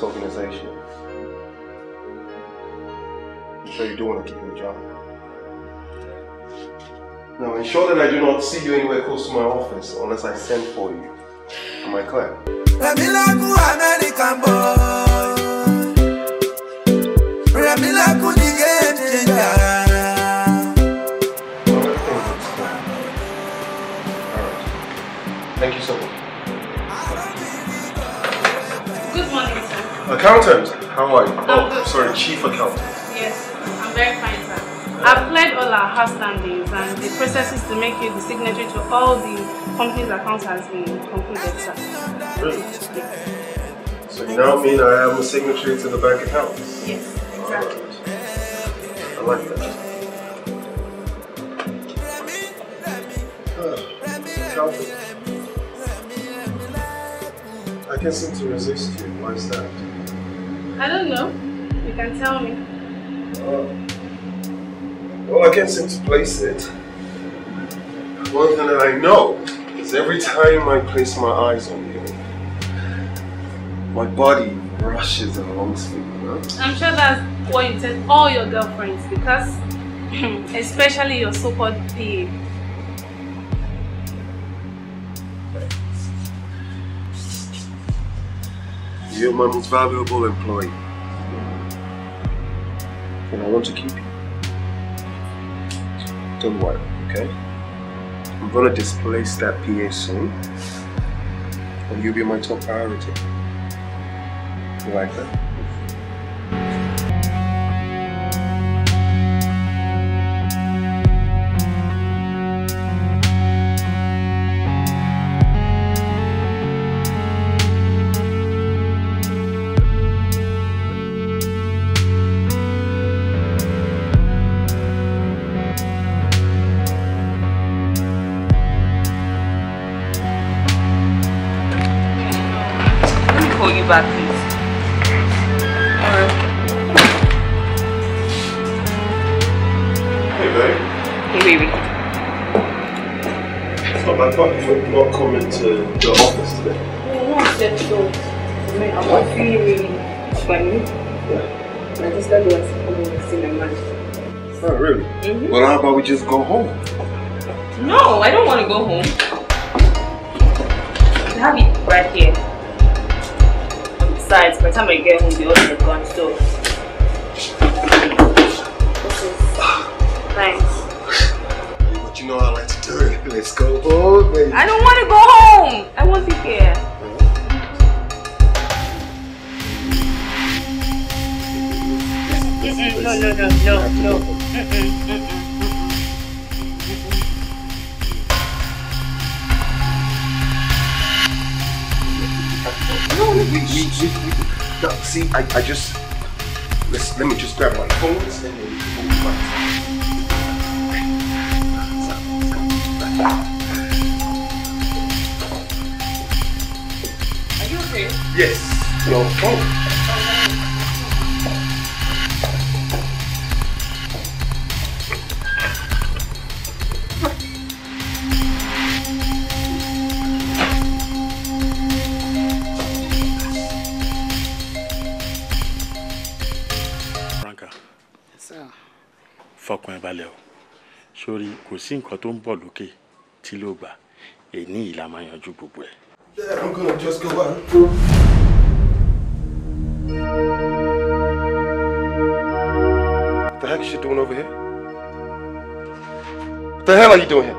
this organization. So you do want to keep your job. Now ensure that I do not see you anywhere close to my office unless I send for you. Am I clear? Accountant, how are you? Oh, sorry, chief accountant. Yes, I'm very fine, sir. I've cleared all our house standings and the processes to make you the signatory to all the company's accounts has been concluded, sir. Really? Yes. So you now mean I have a signatory to the bank account? Yes, exactly. I like that. Accountant. I can seem to resist you. Why is that? I don't know. You can tell me. Oh. Well, oh, I can't seem to place it. One thing that I know is every time I place my eyes on you, my body rushes and longs for you. Know? I'm sure that's what you tell all your girlfriends because, <clears throat> especially your so-called babe. You're my most valuable employee. And I want to keep you. Don't worry, okay? I'm gonna displace that PA soon. And you'll be my top priority. You like that? not coming to the office today? No, not said so. I am not feeling really funny. Yeah. My sister was coming to see my man. Oh, really? Mm -hmm. Well, how about we just go home? No, I don't want to go home. I have it right here. Besides, by the time I get home, the others are gone, so... This Thanks. But you know I like Let's go home, baby. I don't want to go home. I want to be here. no, no, no, no, no. No, no, see, I, I just, let's, let me just grab my phone and then Yes, your phone. fọkàn ẹ balẹ̀ o sórí kò sí nǹkan tó ń bọ̀ lókè tí ló gbà èyí ni ìlànà yanjú gbogbo ẹ̀. I'm gonna just go on. What the heck is you doing over here? What the hell are you doing here?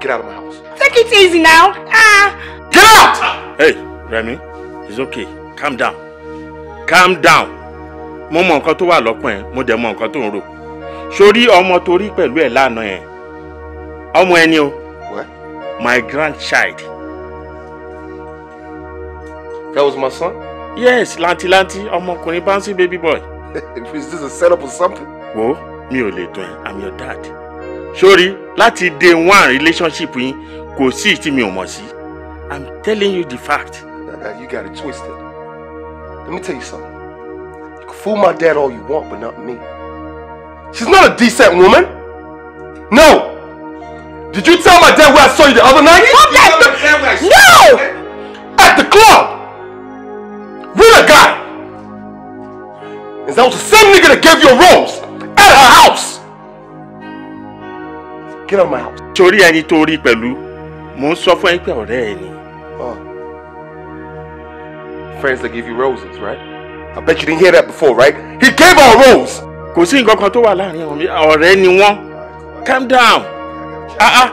Get out of my house. Take it easy now. Ah. Get out! Hey, Remy, it's okay. Calm down. Calm down. Mo mọ nǹkan tó wà lọ́kàn ẹ̀, mo dẹ̀ mọ nǹkan tó ń rò. Sórí ọmọ torí pẹ̀lú ẹ̀ lánàá ẹ̀. Ọmọ ẹni o my grandchild. That was my son? Yes, Lanti Lanti, ọmọkùnrin bouncing baby boy. <laughs> Is this a setup or something? Wo, mi ò lè tán I'm your dad. Sori, láti day one relationship yín, kò sí tí mi ò mọ̀ sí. I'm telling you the fact. Now, <laughs> you got it twisted. Let me tell you something. You can fool my dad all you want, but not me. She's not a decent woman. No! Did you tell my dad where I saw you the other night? the... No! At the club! With a guy! Is that was the same nigga that gave you a rose? At her house! Get out of my house. Chori ẹni tó pẹ̀lú, mò ń sọ fún ẹ oh. Friends that give you roses, right? I bet you didn't hear that before, right? He gave her a rose! Kò sí nǹkan kan tó wà láàrin ọ̀rẹ́ ni wọ́n. Calm down. Ah ah.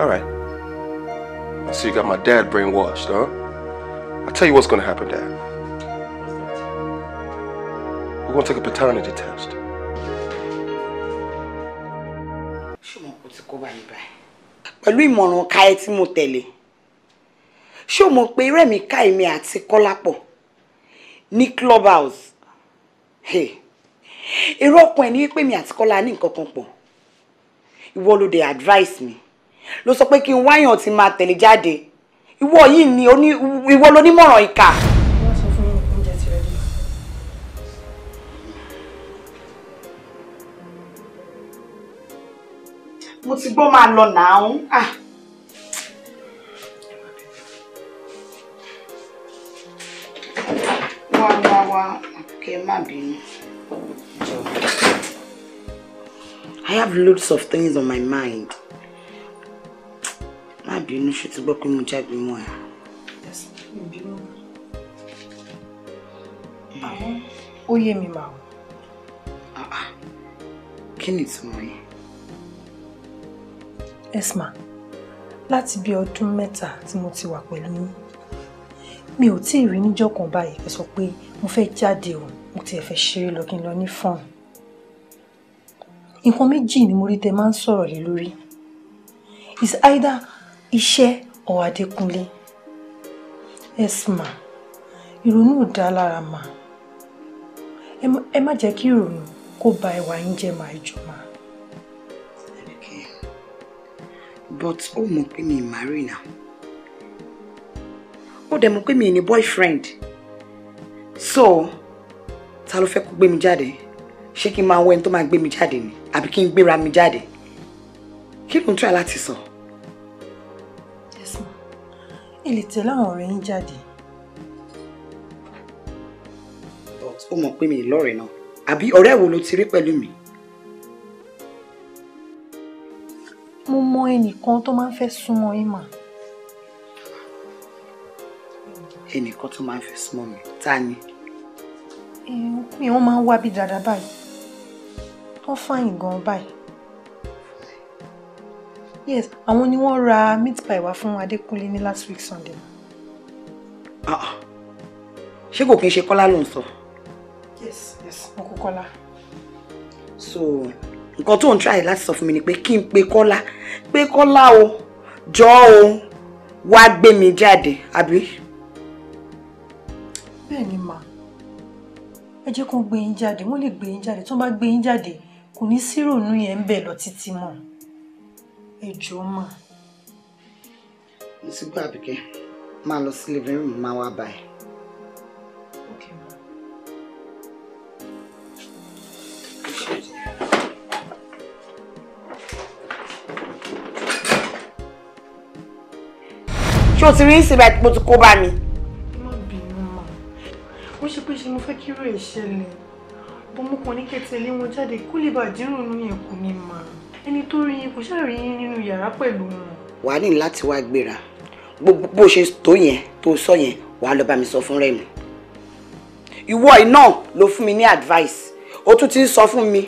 All right. So you got my dad brainwashed, huh? I'll tell you what's gonna happen, Dad. We're gonna take a paternity test. pẹ̀lú ìmọ̀ràn káyé tí mo tẹ̀lé ṣé o mọ̀ pé rẹ́mi ká èmi àti kọ́lá ní clubhouse èrò ọkàn ẹ̀ ní pé mi àti kọ́lá ní nǹkan kan pọ̀ ìwọ ló dé advice mi ló sọ pé kí n wáyàn ti máa tẹ̀lé jáde ìwọ yìí ni ìwọ lónímọ̀ràn ìkà. mo ti gbọ́ máa lọ nàáhùn. Ah. wá wá wá kẹ má bínú. I have loads of things on my mind. Má bínú ṣe ti gbọ́ pé mo jágbe mọ́ ẹ. Hmm. Àmọ́ ó yé mi màá. Ah, ah. Kí ni ìtumọ̀ Esma, láti bí ọdún mẹ́ta tí mo ti wà pẹ̀lú yín, mi ò tí ì rí níjọ́ kan báyìí pé sọ pé mo fẹ́ jáde o, mo tiẹ̀ fẹ́ ṣeré lọ nǹkan méjì ni mo rí tẹ máa ń sọ̀rọ̀ lé lórí is either iṣẹ́ or Adékúnlé yes ma ìrònú ò dá lára ma ẹ má jẹ́ kí ìrònú kó ba ẹwà yín jẹ́ máa jọ ma. but ó mọ̀ pé mi marry now ó dẹ̀ mọ̀ pé mi ní boyfriend so ta ló fẹ́ kó gbé mi jáde ṣé kí n máa wọ ẹni tó máa gbé mi jáde ni àbí kí n gbéra mi jáde kí ló ń tún ẹ láti sọ. ẹ̀sìn ẹ lè tẹ̀lé àwọn ọ̀rẹ́ yín jáde. but ó mọ̀ pé mi lọ́rẹ̀ẹ́ náà àbí ọ̀rẹ́ wo ló ti rí pẹ̀lú mi. mo mọ ẹnìkan tó máa ń fẹ́ súnmọ́ yín mà. ẹnìkan tó máa ń fẹ́ súnmọ́ mi ta ni. ẹ ń pín wọn máa ń wá bí dáadáa báyìí wọ́n fàyìn gan báyìí yes àwọn ni wọ́n ra meat pie wá fún Adékúnlé ní last week Sunday. Ah, ah. ṣé kò kí n ṣe Kọ́lá ló ń sọ. yes yes mo kú Kọ́lá. so nǹkan tó ń try láti sọ fún mi ni pé kí n pe Kọ́lá pé Kọ́lá o jọ o wá gbé mi jáde àbí. bẹ́ẹ̀ ni màá ẹ jẹ́ kó gbé yín jáde wọ́n lè gbé yín jáde tó bá gbé yín jáde kò ní sírònú yẹn ń bẹ̀ lọ títí mọ́ ẹjọ́ mà. mo ti gbọ́ àbíkẹ́ máa lọ sí living room máa wá báyìí. ṣé o ti rí ìsinmi àti mo ti kó bá mi. má ṣe pé ṣe mo fẹ́ kí irú ẹ̀ ṣẹlẹ̀ bó mú kan ní kẹtẹlé wọn jáde kó lè bá dírùnú yẹn kò ní mà ẹni tó rí yín kò ṣáà rí yín nínú yàrá pẹ̀lú wọn. wàá ní láti wá gbéra bó ṣe tó yẹn tó sọ yẹn wàá lọ bá mi sọ fún Rẹ̀mí ìwọ iná ló fún mi ní advice O tún ti ń sọ fún mi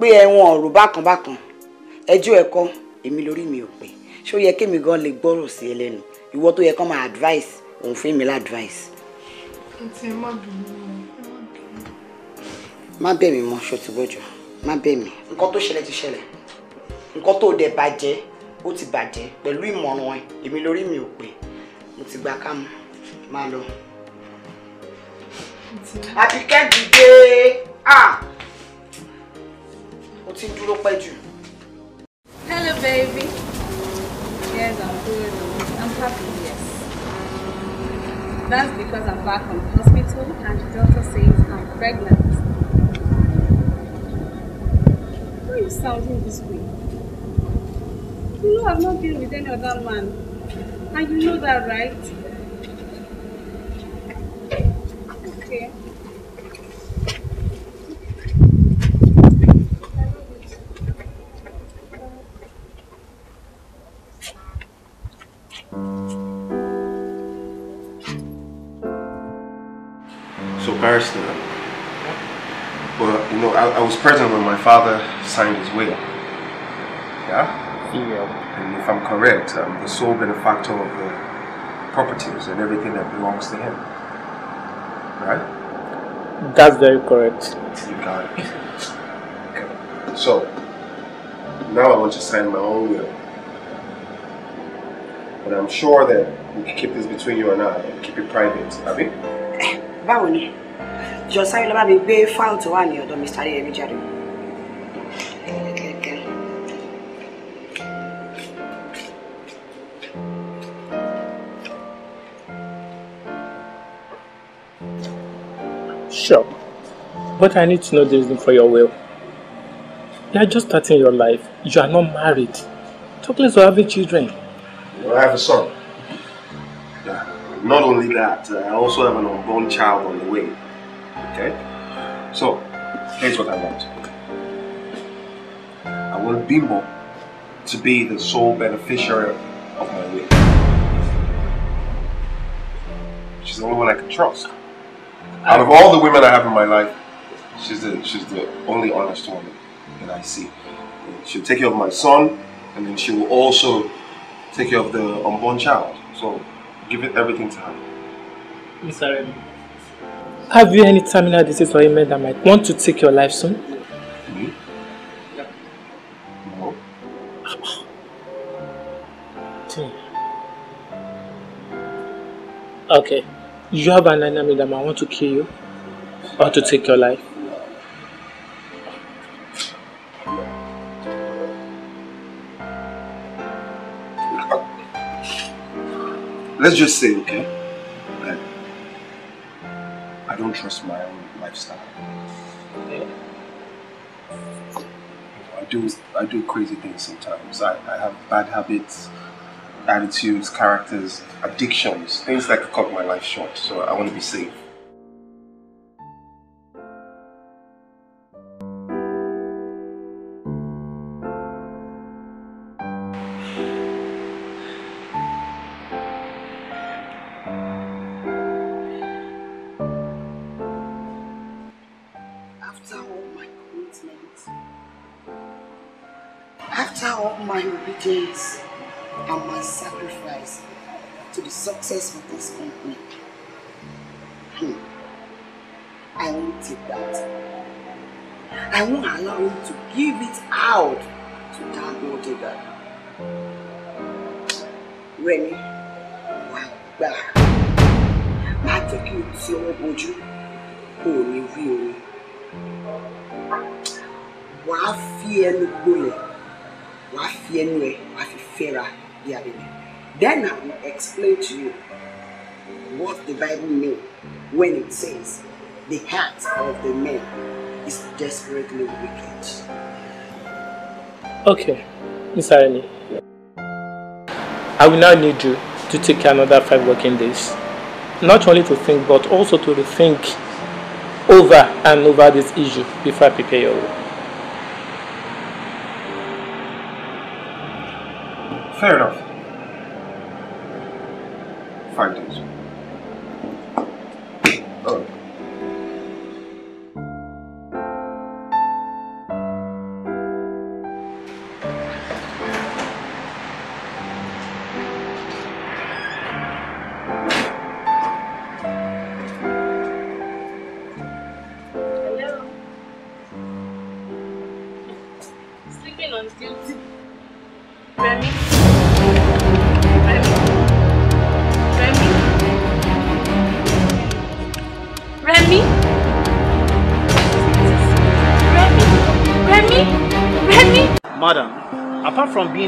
pé ẹ̀wọ̀n ọ̀rùn bákan bákan ẹjọ́ ẹ̀kọ́ èmi lórí mi ò pé ṣé ó yẹ kémi gan lè gbọ́rọ̀ sí ẹ lẹ́nu ìwọ tó yẹ kán máa advice òun fún mi lá advice. ẹ ti má bínú má bẹ̀ mí mọ́ ṣòtúbọ̀jọ má bẹ̀ nǹkan tó ṣẹlẹ̀ ti ṣẹlẹ̀ nǹkan tó dẹ̀ bàjẹ́ ó ti bàjẹ́ pẹ̀lú ìmọ̀ràn ẹ̀ èmi lórí mi ò pé mo ti gba kámú má lọ. àti kẹ́dìdé ó ti dúró pẹ́ jù. hello baby yes i'm good i'm happy yes that's because i'm back from hospital and the doctor says i'm pregnant. Why are you sounding this way? You know I've not been with any other man. And you know that, right? Okay. So Barrister, but, you know, I, I was present when my father signed his will. Yeah? Yeah. And if I'm correct, I'm um, the sole benefactor of the properties and everything that belongs to him. Right? That's very correct. You got it. Okay. So, now I want to sign my own will. But I'm sure that we can keep this between you and I and keep it private, Abby. Báwo tó Sure, but I need to know the reason for your will. You are just starting your life. You are not married. Talk less of having children. Well, I have a son. Not only that, I also have an unborn child on the way. Okay? So, here's what I want I want Bimbo to be the sole beneficiary of my will. She's the only one I can trust. Out of all the women I have in my life, she's the, she's the only honest woman that I see. She'll take care of my son, and then she will also take care of the unborn child. So, give it everything to her. Mr. Remy, have you any terminal disease or ailment that might want to take your life soon? Me? Yeah. No. Hmm. okay. You have an enemy that might want to kill you or to take your life. Let's just say, okay? don't trust my own lifestyle. Yeah. I do I do crazy things sometimes. I, I have bad habits, attitudes, characters, addictions, things that could cut my life short. So I want to be safe. success with this company. Hmm. I won't take that. I won't allow you to give it out to that gold digger. Rẹ̀mí, wà gbà. Má jẹ́ kí o ti ọwọ́ bojú, kò ní rí omi. Wàá fi ẹnu gbolẹ̀, wàá fi ẹnu ẹ̀, wàá Then I will explain to you uh, what the Bible means when it says the heart of the man is desperately wicked. Okay, Miss Irene. I will now need you to take another five working days. Not only to think, but also to rethink over and over this issue before I prepare your will. Fair enough fighters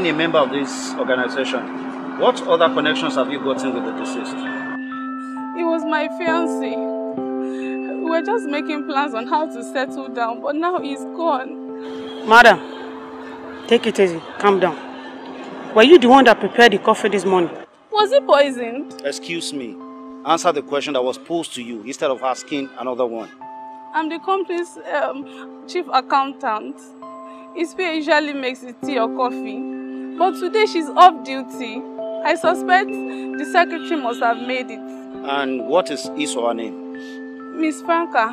being a member of this organization, what other connections have you gotten with the deceased? It was my fiancé. We were just making plans on how to settle down, but now he's gone. Madam, take it easy. Calm down. Were you the one that prepared the coffee this morning? Was it poisoned? Excuse me. Answer the question that was posed to you instead of asking another one. I'm the company's um, chief accountant. His pay usually makes it tea or coffee. But today she's off duty. I suspect the secretary must have made it. And what is his or her name? Miss Franca.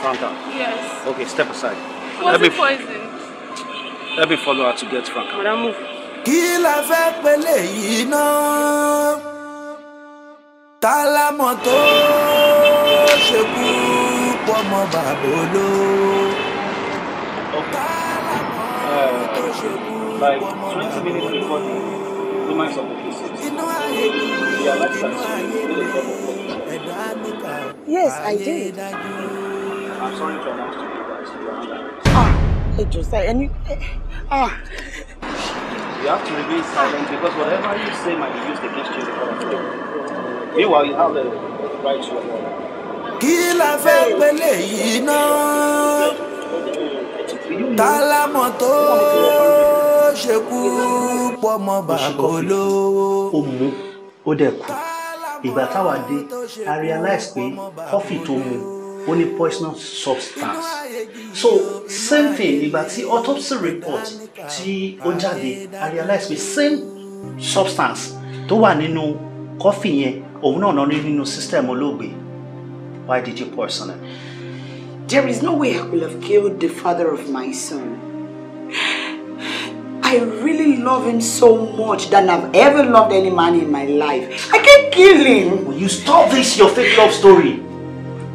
Franca? Yes. Okay, step aside. Was Let it me... poisoned? Let me follow her to get Franca. Madam, move. Kí like 20 minutes before the demise of the crusade, you realized really Yes, I did. I'm sorry to announce to you guys you are under ah, hey Josiah, and you... Eh, ah. You have to remain silent because whatever you say might be used against you in the court Meanwhile, you have the right to your lawyer. fẹ́ pélé yìí náà tálámọ̀ tó ṣe kú pọmọ bàbá olówó. ó mú ó dẹ̀ kú ìgbà táwa dé a realize pé kọfí tó mu ó ní poisonous substance so same thing ìgbà tí autopsy report tí ó jáde a realize pé same substance tó wà nínú kọfí yẹn òun náà náà nínú system olóògbé why did you poison it. There is no way I could have killed the father of my son. I really love him so much than I've ever loved any man in my life. I can't kill him. Will you stop this, your fake love story?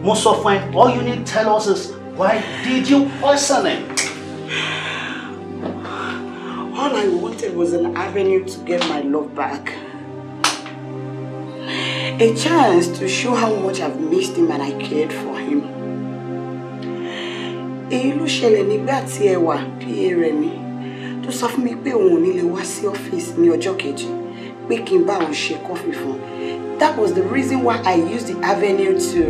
Most often, all you need to tell us is, why did you poison him? All I wanted was an avenue to get my love back. A chance to show how much I've missed him and I cared for him. Èyí ló ni nígbà tí ẹ wà tó sọ fún mi pé òun ò ní lè wá sí ọ́fíìsì ní ọjọ́ kejì pé kí n bá òun ṣe kọ́fì fún un that was the reason why I used the avenue to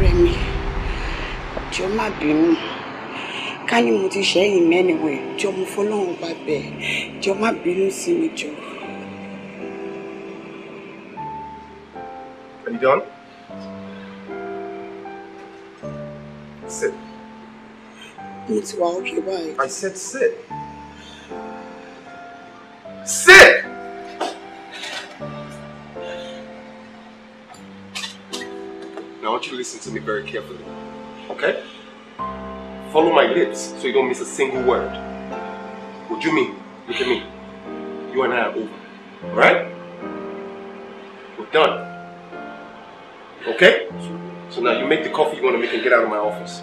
Remi jọ má bínú ká ní mo ti ṣẹ́yìn mẹ́niwẹ̀ jọ mo fọlọ́run bá bẹ̀ jọ má bínú sí mi jọ. Are you done? Sit. Please walk I said sit. Sit! Now I want you to listen to me very carefully, okay? Follow my lips so you don't miss a single word. What do you mean? Look at me. You and I are over, alright? We're done. Okay? So now you make the coffee you want to make and get out of my office.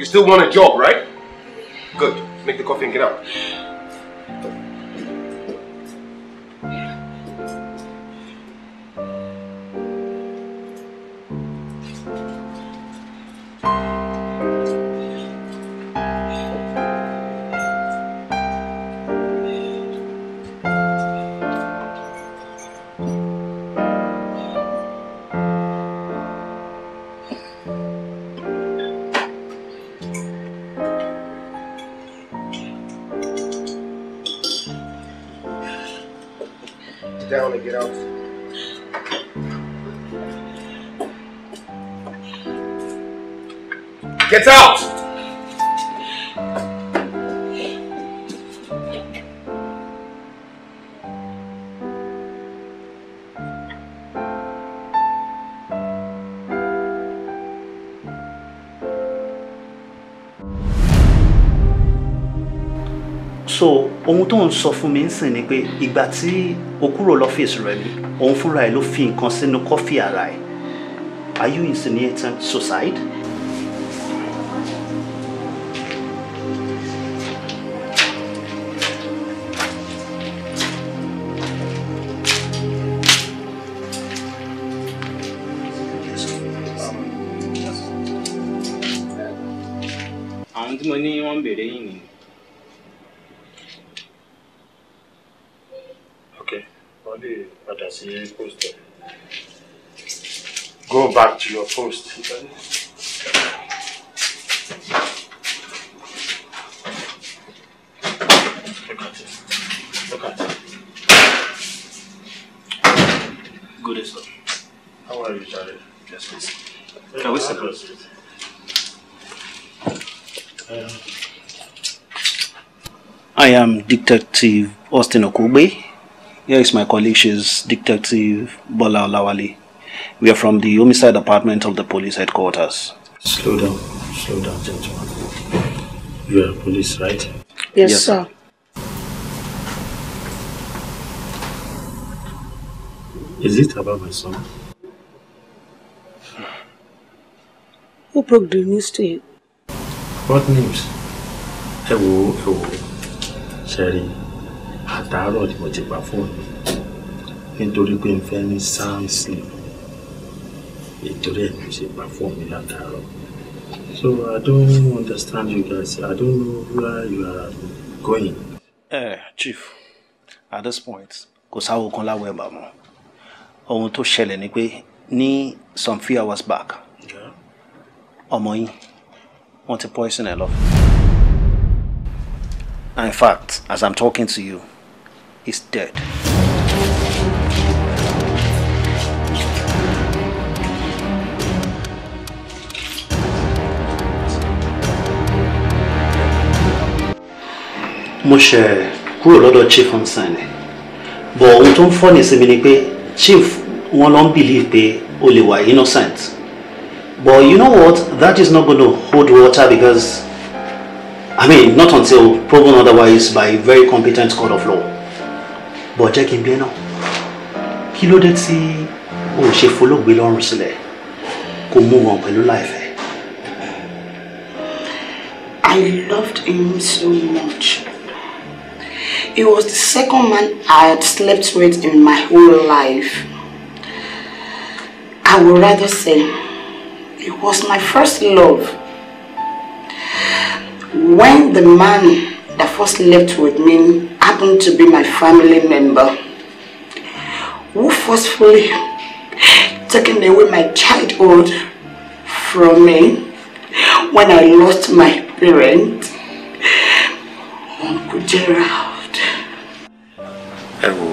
You still want a job, right? Good. Make the coffee and get out. get off. Get out! tó ń sọ fún mi ń sìn ni pé ìgbà tí o kúrò lọ́fíìsì rẹ ni òun fúnra ẹ̀ ló fi nǹkan sínú kọ́fì ara ẹ̀ are you insinuating suicide? You are Look at it. Look at it. Good as well. How are you, Charlie? Yes, please. Can no, we separate? Um, I am Detective Austin Okubi. Here is my colleague, she's Detective Bola Olawale. We are from the homicide department of the police headquarters. Slow down, slow down, gentlemen. You are police, right? Yes, yes sir. Is it about my son? Who broke the news to you? What news? Ẹ wò, ẹ wò, Sherry, àtàárọ̀ ni mo nítorí pé sound sleep. nítorí ẹ̀ ló ṣe pa fóònù mi So I don't understand you guys. I don't know where you are going. Eh, Chief, at this point, kò sáwo kan láwọ̀ ẹ̀bà mọ́. Ohun tó ṣẹlẹ̀ ni some few hours back, ọmọ yín want to poison a lot. And in fact, as I'm talking to you, he's dead. mo ṣe kúrò lọ́dọ̀ chief hansan ni bọ̀ ohun tó ń fọ́ ní sinmi ni pé chief wọn lọ ń believe pé o lè wà innocent but you know what that is not gonna hold water because i mean not until proven otherwise by a very competent court of law but jẹ́ kí n bí ẹ náà kí ló dé tí o ò ṣe folóògbé lọ́rùn sílẹ̀ kó mú wọn pẹ̀lú láìfẹ́. I loved him so much. He was the second man I had slept with in my whole life. I would rather say it was my first love. When the man that first left with me happened to be my family member, who forcefully taken away my childhood from me when I lost my parent, Uncle Gerald. ẹ wo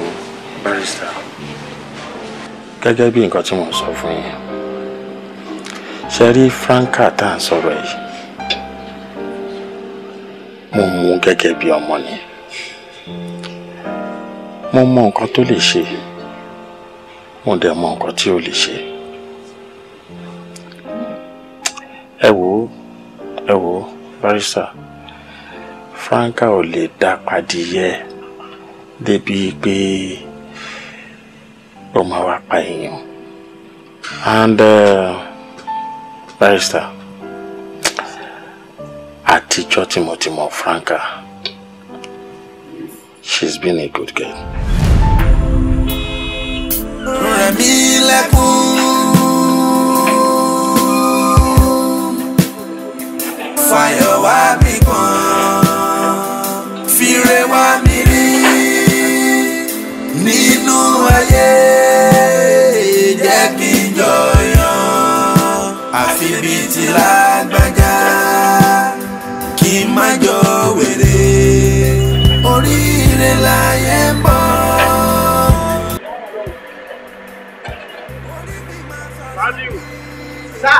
barrister gẹ́gẹ́ bí nǹkan tí mo sọ fún yín ṣe rí franca tá à ń sọ̀rọ̀ yìí mo mú gẹ́gẹ́ bí ọmọ ni mo mọ nǹkan tó lè ṣe mo dẹ̀ mọ nǹkan tí ò lè ṣe ẹ wò ó franca ò lè dá padì yẹ débi pé ó máa wá pa èèyàn and uh, barrister àtijọ́ tìmọ̀tìmọ̀ Franca she's been a good girl. rẹ̀ mí fàyọ̀ wá mi kan fire wá mi nínú ayé jẹ́ kí jọyàn àfi bíi ti lágbájá kí n má jọ wèrè oríire láyé ń bọ̀. Sa.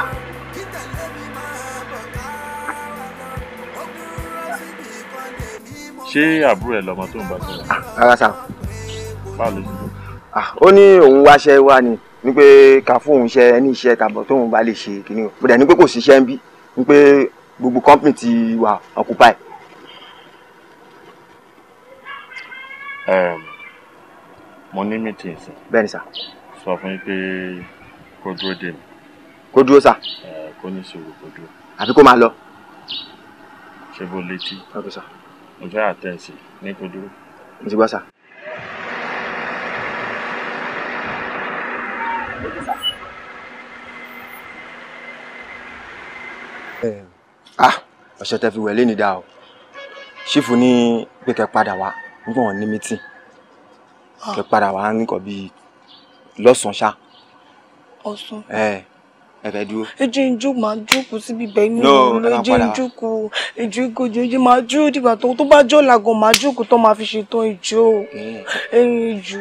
ṣé àbúrò ẹ lọmọ tó ń bá sọ̀rọ̀. rárá sáà báwo ló ah, ó ní òun wáṣẹ́ wá ni ní ká fún òun iṣẹ́ ní iṣẹ́ tóun bá lè ṣe kínní o bó dẹ̀ ní pé kò síṣẹ́ ń bí ní gbogbo company ti wà occupy. Ehm, mo ní meeting sí. bẹ́ẹ̀ni sà. sọ fún yín pé kó dúró dè mí. kó dúró sà. Ehm, kó ní sùúrù kó dúró. àbí kó máa lọ. ṣé bó létí. ọ̀dọ̀ sà. mo fẹ́ àtẹ̀sí ní kó dúró. mo ti gbọ́ sà. Eh. Ah, ọṣẹ tẹ fi wẹ̀ lé ní dá o ṣífù ní pé kẹ padà wá nígbà wọn ní mítìn ah. kẹ padà wá nìkan bíi lọ́sàn-án ṣá. ọ̀sán. Eh ẹ̀fẹ̀ dúró. ẹjẹ ìjó máa jókòó síbi bẹ́ẹ̀ mi ò lọ ẹjẹ ìjókòó ẹjẹ ìgòjò ẹjẹ máa dúró dìgbà tó tó bá jọ làgàn máa jókòó tó máa fi ṣetán ìjó ẹyin ìjó.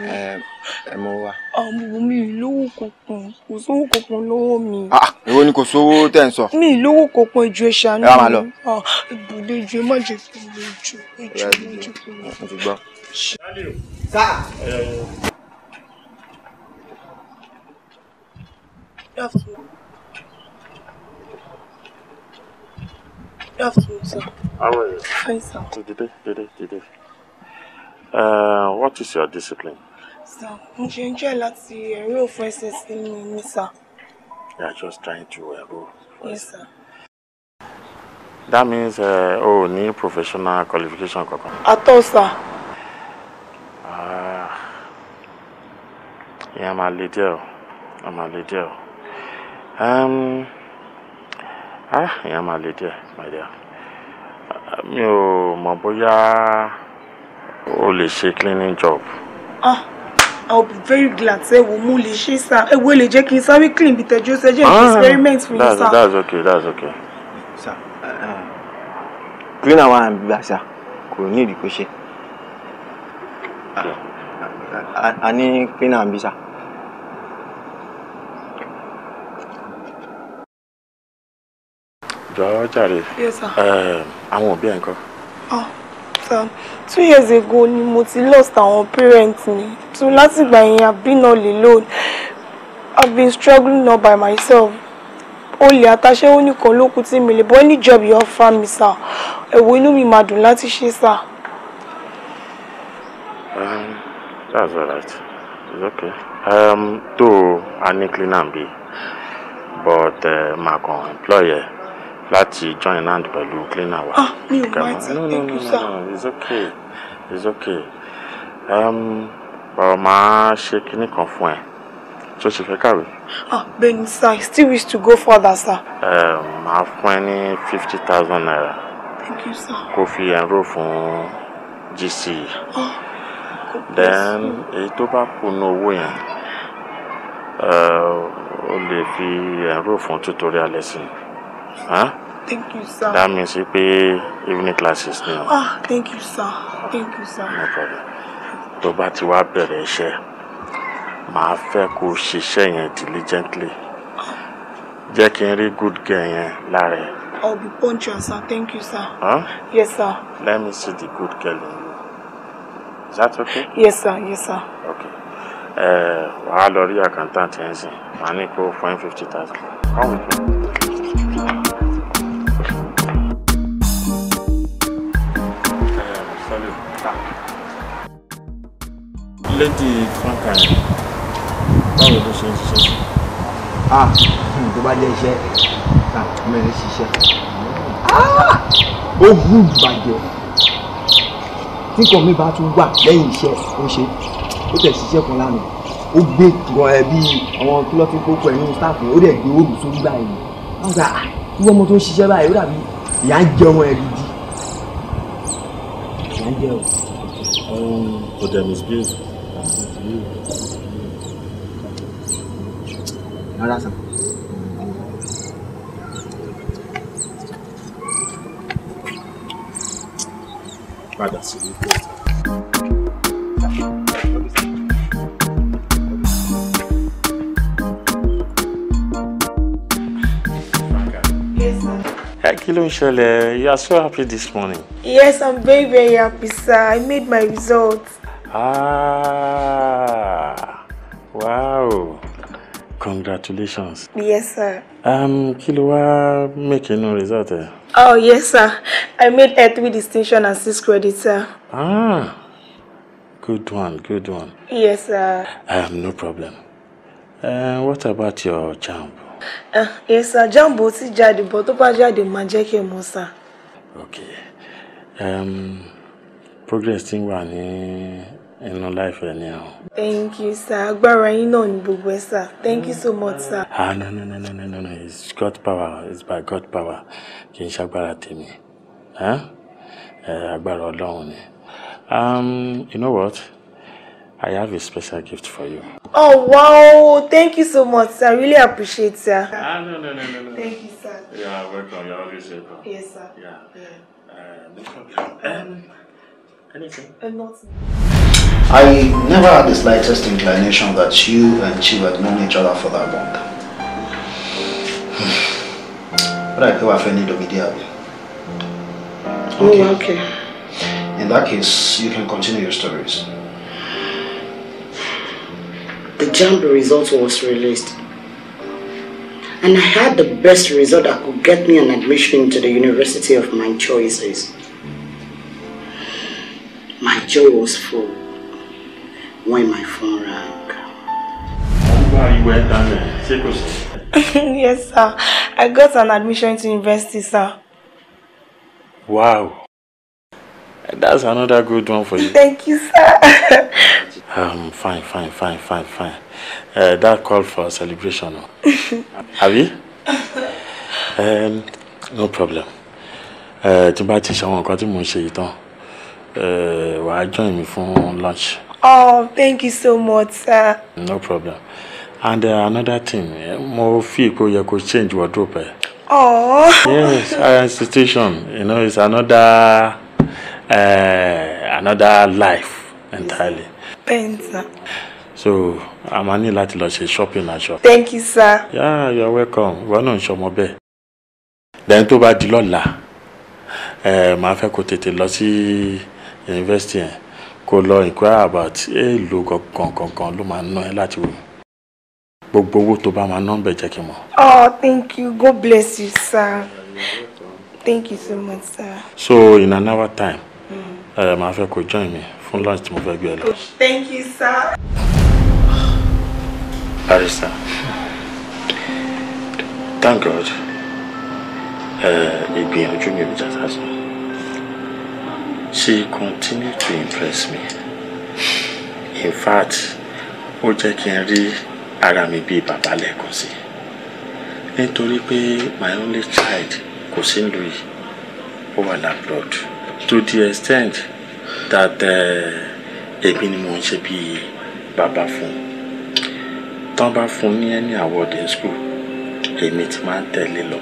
ẹ mọ wa. àwọn mi lówó kọ̀ọ̀kan kò sówó kọ̀ọ̀kan lọ́wọ́ mi. Ah, ah, èwo ni kò sówó tẹ̀ ń sọ. mi lówó kọ̀ọ̀kan ìjọ ẹ ṣàánú mi. ẹ máa lọ. ìbùdó ah, ìjọ ẹ má jẹ kí n lè jù ìjọ ìjọ ìjọ. sáà. Good afternoon. Good afternoon, sir. How are you? Fine, sir. Dìde, dìde, dìde. Uh, what is your discipline? Sir, mo ṣe ń jẹ́ láti ẹ̀rí òfin ẹsẹ̀ sí mi ní sir. You are just trying to ẹ̀rọ. Yes, sir. That means uh, o oh, professional qualification kankan. Àtọ̀ sir. Ah. Ìyẹn I'm a díẹ̀ I'm a le Um. Ah, ìyẹn máa le díẹ̀, my dear. Mi ò mọ̀ bóyá o lè ṣe cleaning job. Ah, I'll be very glad Say wo mo lè ṣe sá. Ẹ wo lè jẹ́ kí n sáré clean bí tẹ́jú ṣe jẹ́ kí ah, experiment for yín sá. That's okay, that's okay. Sá, uh, uh, cleaner wa gbà sá, kò ní ìdí kó ṣe. A ní cleaner bí sá. jọ̀ọ́ jàre àwọn òbí ẹ̀ ń kọ́. Ah, two years ago ni mo ti lost àwọn parents mi tún látìgbà yẹn I've been all alone I've been struggling all by myself olè àtàṣẹ́wó nìkan ló kù tí mi lè bọ́ ní job yóò fa mi sà ẹ̀wọ̀ inú mi máa dùn láti ṣe sà. that's all right it's okay um, though a ní clean be but uh, eh, my kàn employer láti join hand pẹ̀lú cleaner wa. ah mi ò máa ti thank you sir. no no no it's okay it's okay um, ọ̀rọ̀ máa ṣe kinní kan fún ẹ tó ṣe fẹ́ kàwé. ah bẹ́ẹ̀ sir I still wish to go further sir. Um, màá fún ẹ ní fifty thousand naira. thank you sir. kó fi enrol fún GC. ah then èyí tó bá kú ní owó yẹn uh, o lè fi enrol fún tutorial lesson. Huh? Thank you, sir. That means you pay evening classes now. Ah, thank you, sir. Thank you, sir. No problem. Tó bá ti wá bẹ̀rẹ̀ iṣẹ́, màá fẹ́ kó ṣiṣẹ́ yẹn diligently. Jẹ́ kí n rí good girl yẹn lára ẹ̀. I'll be punctual, sir. Thank you, sir. Huh? Yes, sir. Let me see the good girl in you. Is that okay? Yes, sir. Yes, sir. Okay. Eh, wàá lọ rí accountant yẹn sìn. Màá ní kó fún fifty thousand. Come with me. lady franca báwo ló ṣe ń ṣiṣẹ́. ah hmm, tó bá jẹ́ iṣẹ́ ta ah, mẹ́rin ṣiṣẹ́ ó hù bàjẹ́ mi bá tún wà lẹ́yìn iṣẹ́ ó ṣe ó tẹ̀ ṣiṣẹ́ kan lánàá ó gbé gan ẹ bí àwọn kílọ́fín kókó ẹ̀yìn staff ó dẹ̀ gbé òòlù sórí báyìí wọ́n gbà wọ́n ah, ọmọ tó ń ṣiṣẹ́ báyìí ó dàbí ìyá jẹun ẹ̀ gidi ìyá jẹun. ọ̀run kò dẹ̀ misbehave rárá sàn. padà sí ilé. kí ló ń ṣẹlẹ̀ you are so happy this morning. yes i'm very very happy sir i made my results. Ah, wow. Congratulations. Yes, sir. Um, kí ló wá make inú result ẹ? Oh, yes, sir. I made a three distinction and six credits, sir. Ah, good one, good one. Yes, sir. Um, no problem. Uh, what about your champ? Uh, ah, yes, sir. JAMB ò jadi jáde, but tó bá jáde, mà sir. Okay. Um, progress ti ń wà ní ẹnu láìpẹ́ ni o. thank you sir agbára yín náà ni gbogbo ẹ sir thank you so much sir. ah no no no no no no no it's God power it's by God power kì í ṣàgbára tèmi eh, agbára ọlọ́run ni um, you know what I have a special gift for you. oh wow thank you so much sir I really appreciate sir. ah no no no no. no. thank you sir. you yeah, are welcome you are always welcome. yes sir. Yeah. Yeah. Uh, Anything? Uh, nothing. I never had the slightest inclination that you and she had known each other for that long. <sighs> But I feel I've ended up oh, Okay. Oh, okay. In that case, you can continue your stories. The Jambi result was released. And I had the best result that could get me an admission into the university of my choices. My joy was full when my phone rang. Why you went down there? Yes, sir. I got an admission to university, sir. Wow. That's another good one for you. Thank you, sir. <laughs> um, fine, fine, fine, fine, fine. Uh, that called for celebration. Have <laughs> you? Um, no problem. Uh, tí bá ti ṣe àwọn nǹkan tí mò ń Uh, wàá join mi for lunch. oh thank you so much sir. no problem and uh, another thing more fi ipò yẹ kó change wardrobe Oh. Yes, our institution, you know, it's another uh, another life entirely. Thanks, sir. So, I'm only ní láti lọ shopping shopping shop. Thank you, sir. Yeah, you're welcome. We're not ń ṣọmọ bẹ́ẹ̀. Then tó bá di lọ́la, màá fẹ́ kó tètè lọ sí yunifásitì yẹn kó lọ inquire about èèlò gangan ló máa ná ẹ láti wò gbogbo owó tó bá máa ná bẹ̀ jẹ́ kí n mọ̀. oh thank you god bless you sir thank you so much sir. so in an hour time ẹ mm. eh, máa fẹ́ kó join me fún lunch tí mo fẹ́ gbé ẹ lọ. Oh, thank you sir. barrister thank god eh, ìgbìyànjú mi ò jà sásán. She continued to impress me. In fact, ó jẹ́ kí n rí ara mi bíi bàbá lẹ́ẹ̀kan sí Nítorí pé my only child kò sí ìlú yìí, ó wà l'abroad. To the extent that eh, èmi ni mo ń ṣe bíi bàbá fún un. Tán bá fún un ní any award in school, èmi ti máa ń tẹ̀lé lọ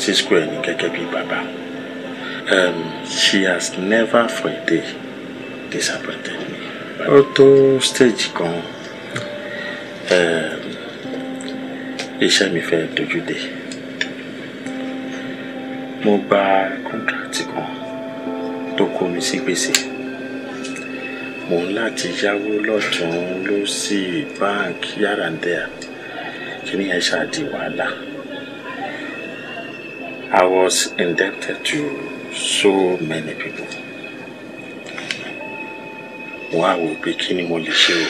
sí school ẹni gẹ́gẹ́ bíi bàbá um, she has never for a day disappointed me. ó stage kan um, iṣẹ́ mi fẹ́ dojú dé mo gba kọ́ńtrátì kan tó kó mi sí gbèsè mo ń láti yáwó lọ́tún ló sì báńkì yàrá ń dẹ́yà kí ni ẹ ṣáà di wàhálà I was indebted to. so many people Why would wò pé kí ni Why lè ṣe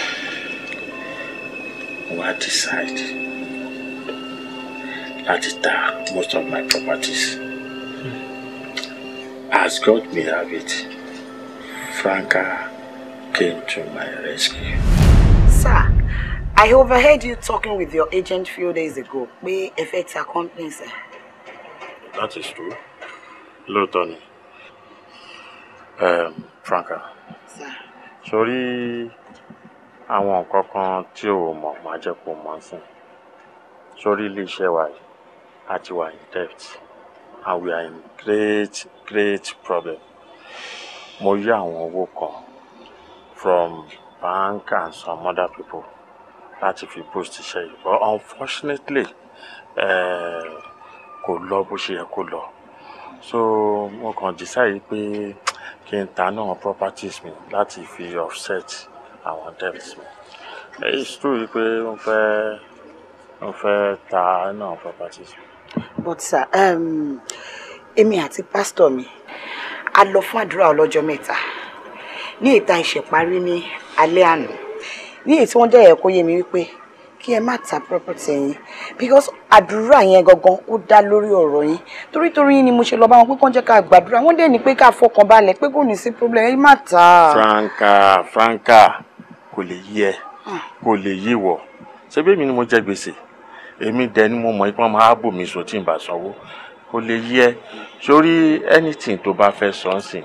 o wọ́n decide most of my properties as God may have it Franca came to my rescue. Sir, I overheard you talking with your agent few days ago May ẹ fẹ́ company sir. That is true. lóòótọ́ ni ehm, Franca sórí àwọn nǹkan kan tí o mọ̀ máa jẹ́ kó mọ̀ fún sórí iléeṣẹ́ wa yìí a in debt and we are in great great problem mo yá àwọn owó kan from bank and some other people láti fi boost iṣẹ́ yìí but unfortunately eh, kò lọ bó ṣe yẹ kó lọ. So mo kàn decide pé kí n ta náà properties mi láti fi offset àwọn debts mi. It's true wípé mo fẹ́, mo fẹ́ ta náà properties mi. But sir, um, èmi àti pastor mi a lọ fún àdúrà ọlọ́jọ́ mẹ́ta ní ìta ìṣẹ̀parí ní alẹ́ àná ní èyí tí wọ́n dẹ̀ kó yé mi wípé kí ẹ má ta property yín because àdúrà yẹn gangan ó dá lórí ọ̀rọ̀ yín torí torí yín ni mo ṣe lọ bá wọn pé kàn jẹ́ ká gbàdúrà wọ́n dẹ̀ ní pé ká fọkàn pé kò ní sí problem ẹ má ta. Franca Franca kò lè yí ẹ hmm. kò lè yí wọ ṣé bí èmi ni mo jẹ gbèsè èmi dẹ̀ ni mo mọ̀ ipá máa bò mí sùn tí n bá sanwó kò lè yí ẹ sórí anything tó bá fẹ́ sọ sí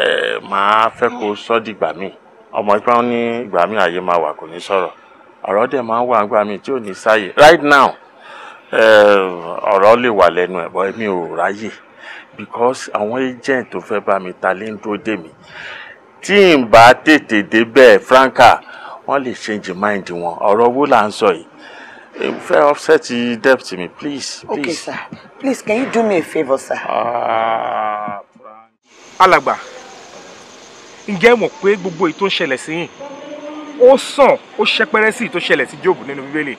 ẹ máa fẹ́ kó sọ dìgbà míì ọmọ ipá ní ìgbà míì àyè máa wà kò ní sọ̀rọ̀ ọ̀rọ̀ dẹ̀ máa wà àgbà mi tí ò ní sáyè right now eh, ọ̀rọ̀ lè wà lẹ́nu ẹ̀ bọ́ èmi ò ráyè because àwọn agent tó fẹ́ bá mi ta lé ń dúró dè mí tí n bá tètè débẹ̀ franca wọ́n lè change mind wọn ọ̀rọ̀ owó là ń sọ yìí eh, fẹ́ offset debt mi please. please. okay sir please can you do me a favour sir. Ah, alàgbà ǹjẹ́ mọ̀ pé gbogbo èyí tó ń ṣẹlẹ̀ sí yín ó sàn ó ṣẹpẹrẹ sí tó ṣẹlẹ̀ sí Jóòbù nínú Bíbélì.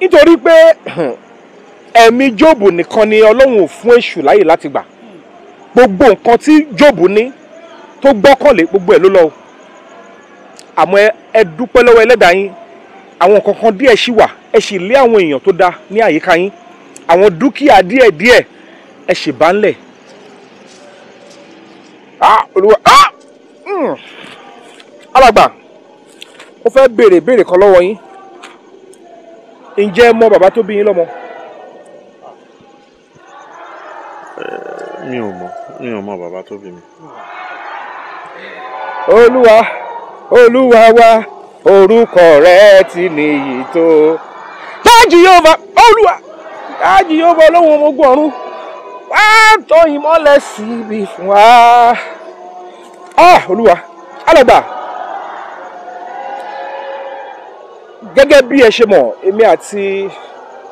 nítorí pé <clears throat> ẹ̀mí Jóòbù nìkan ni Ọlọ́run ò fún èṣù láyè láti gbà gbogbo nǹkan tí Jóòbù ní tó gbọ́kànlé gbogbo ẹ̀ ló lọ àmọ́ ẹ dúpẹ́ lọ́wọ́ ẹlẹ́dàá yín àwọn nǹkan kan díẹ̀ ṣì wà ẹ sì lé àwọn èèyàn tó dáa ní àyíká yín àwọn dúkìá díẹ̀ díẹ̀ ẹ sì bá ń lẹ̀. ah olúwa ah. Mm. alàgbà mo fẹ́ béèrè béèrè kan lọ́wọ́ yín ǹjẹ́ mọ bàbá tó bí yín lọ́mọ. Eh, mi ò mọ mi ò mọ bàbá tó bí mi. olúwa olúwa wa orúkọ rẹ̀ ti nìyí tó dájú yóò bá olúwa dájú yóò bá olóhùn ọmọ ọ̀run wá tọ́ ìmọ́lẹ̀ síbi fún wa. Ah, olúwa gẹ́gẹ́ bí ẹ ṣe mọ̀ èmi àti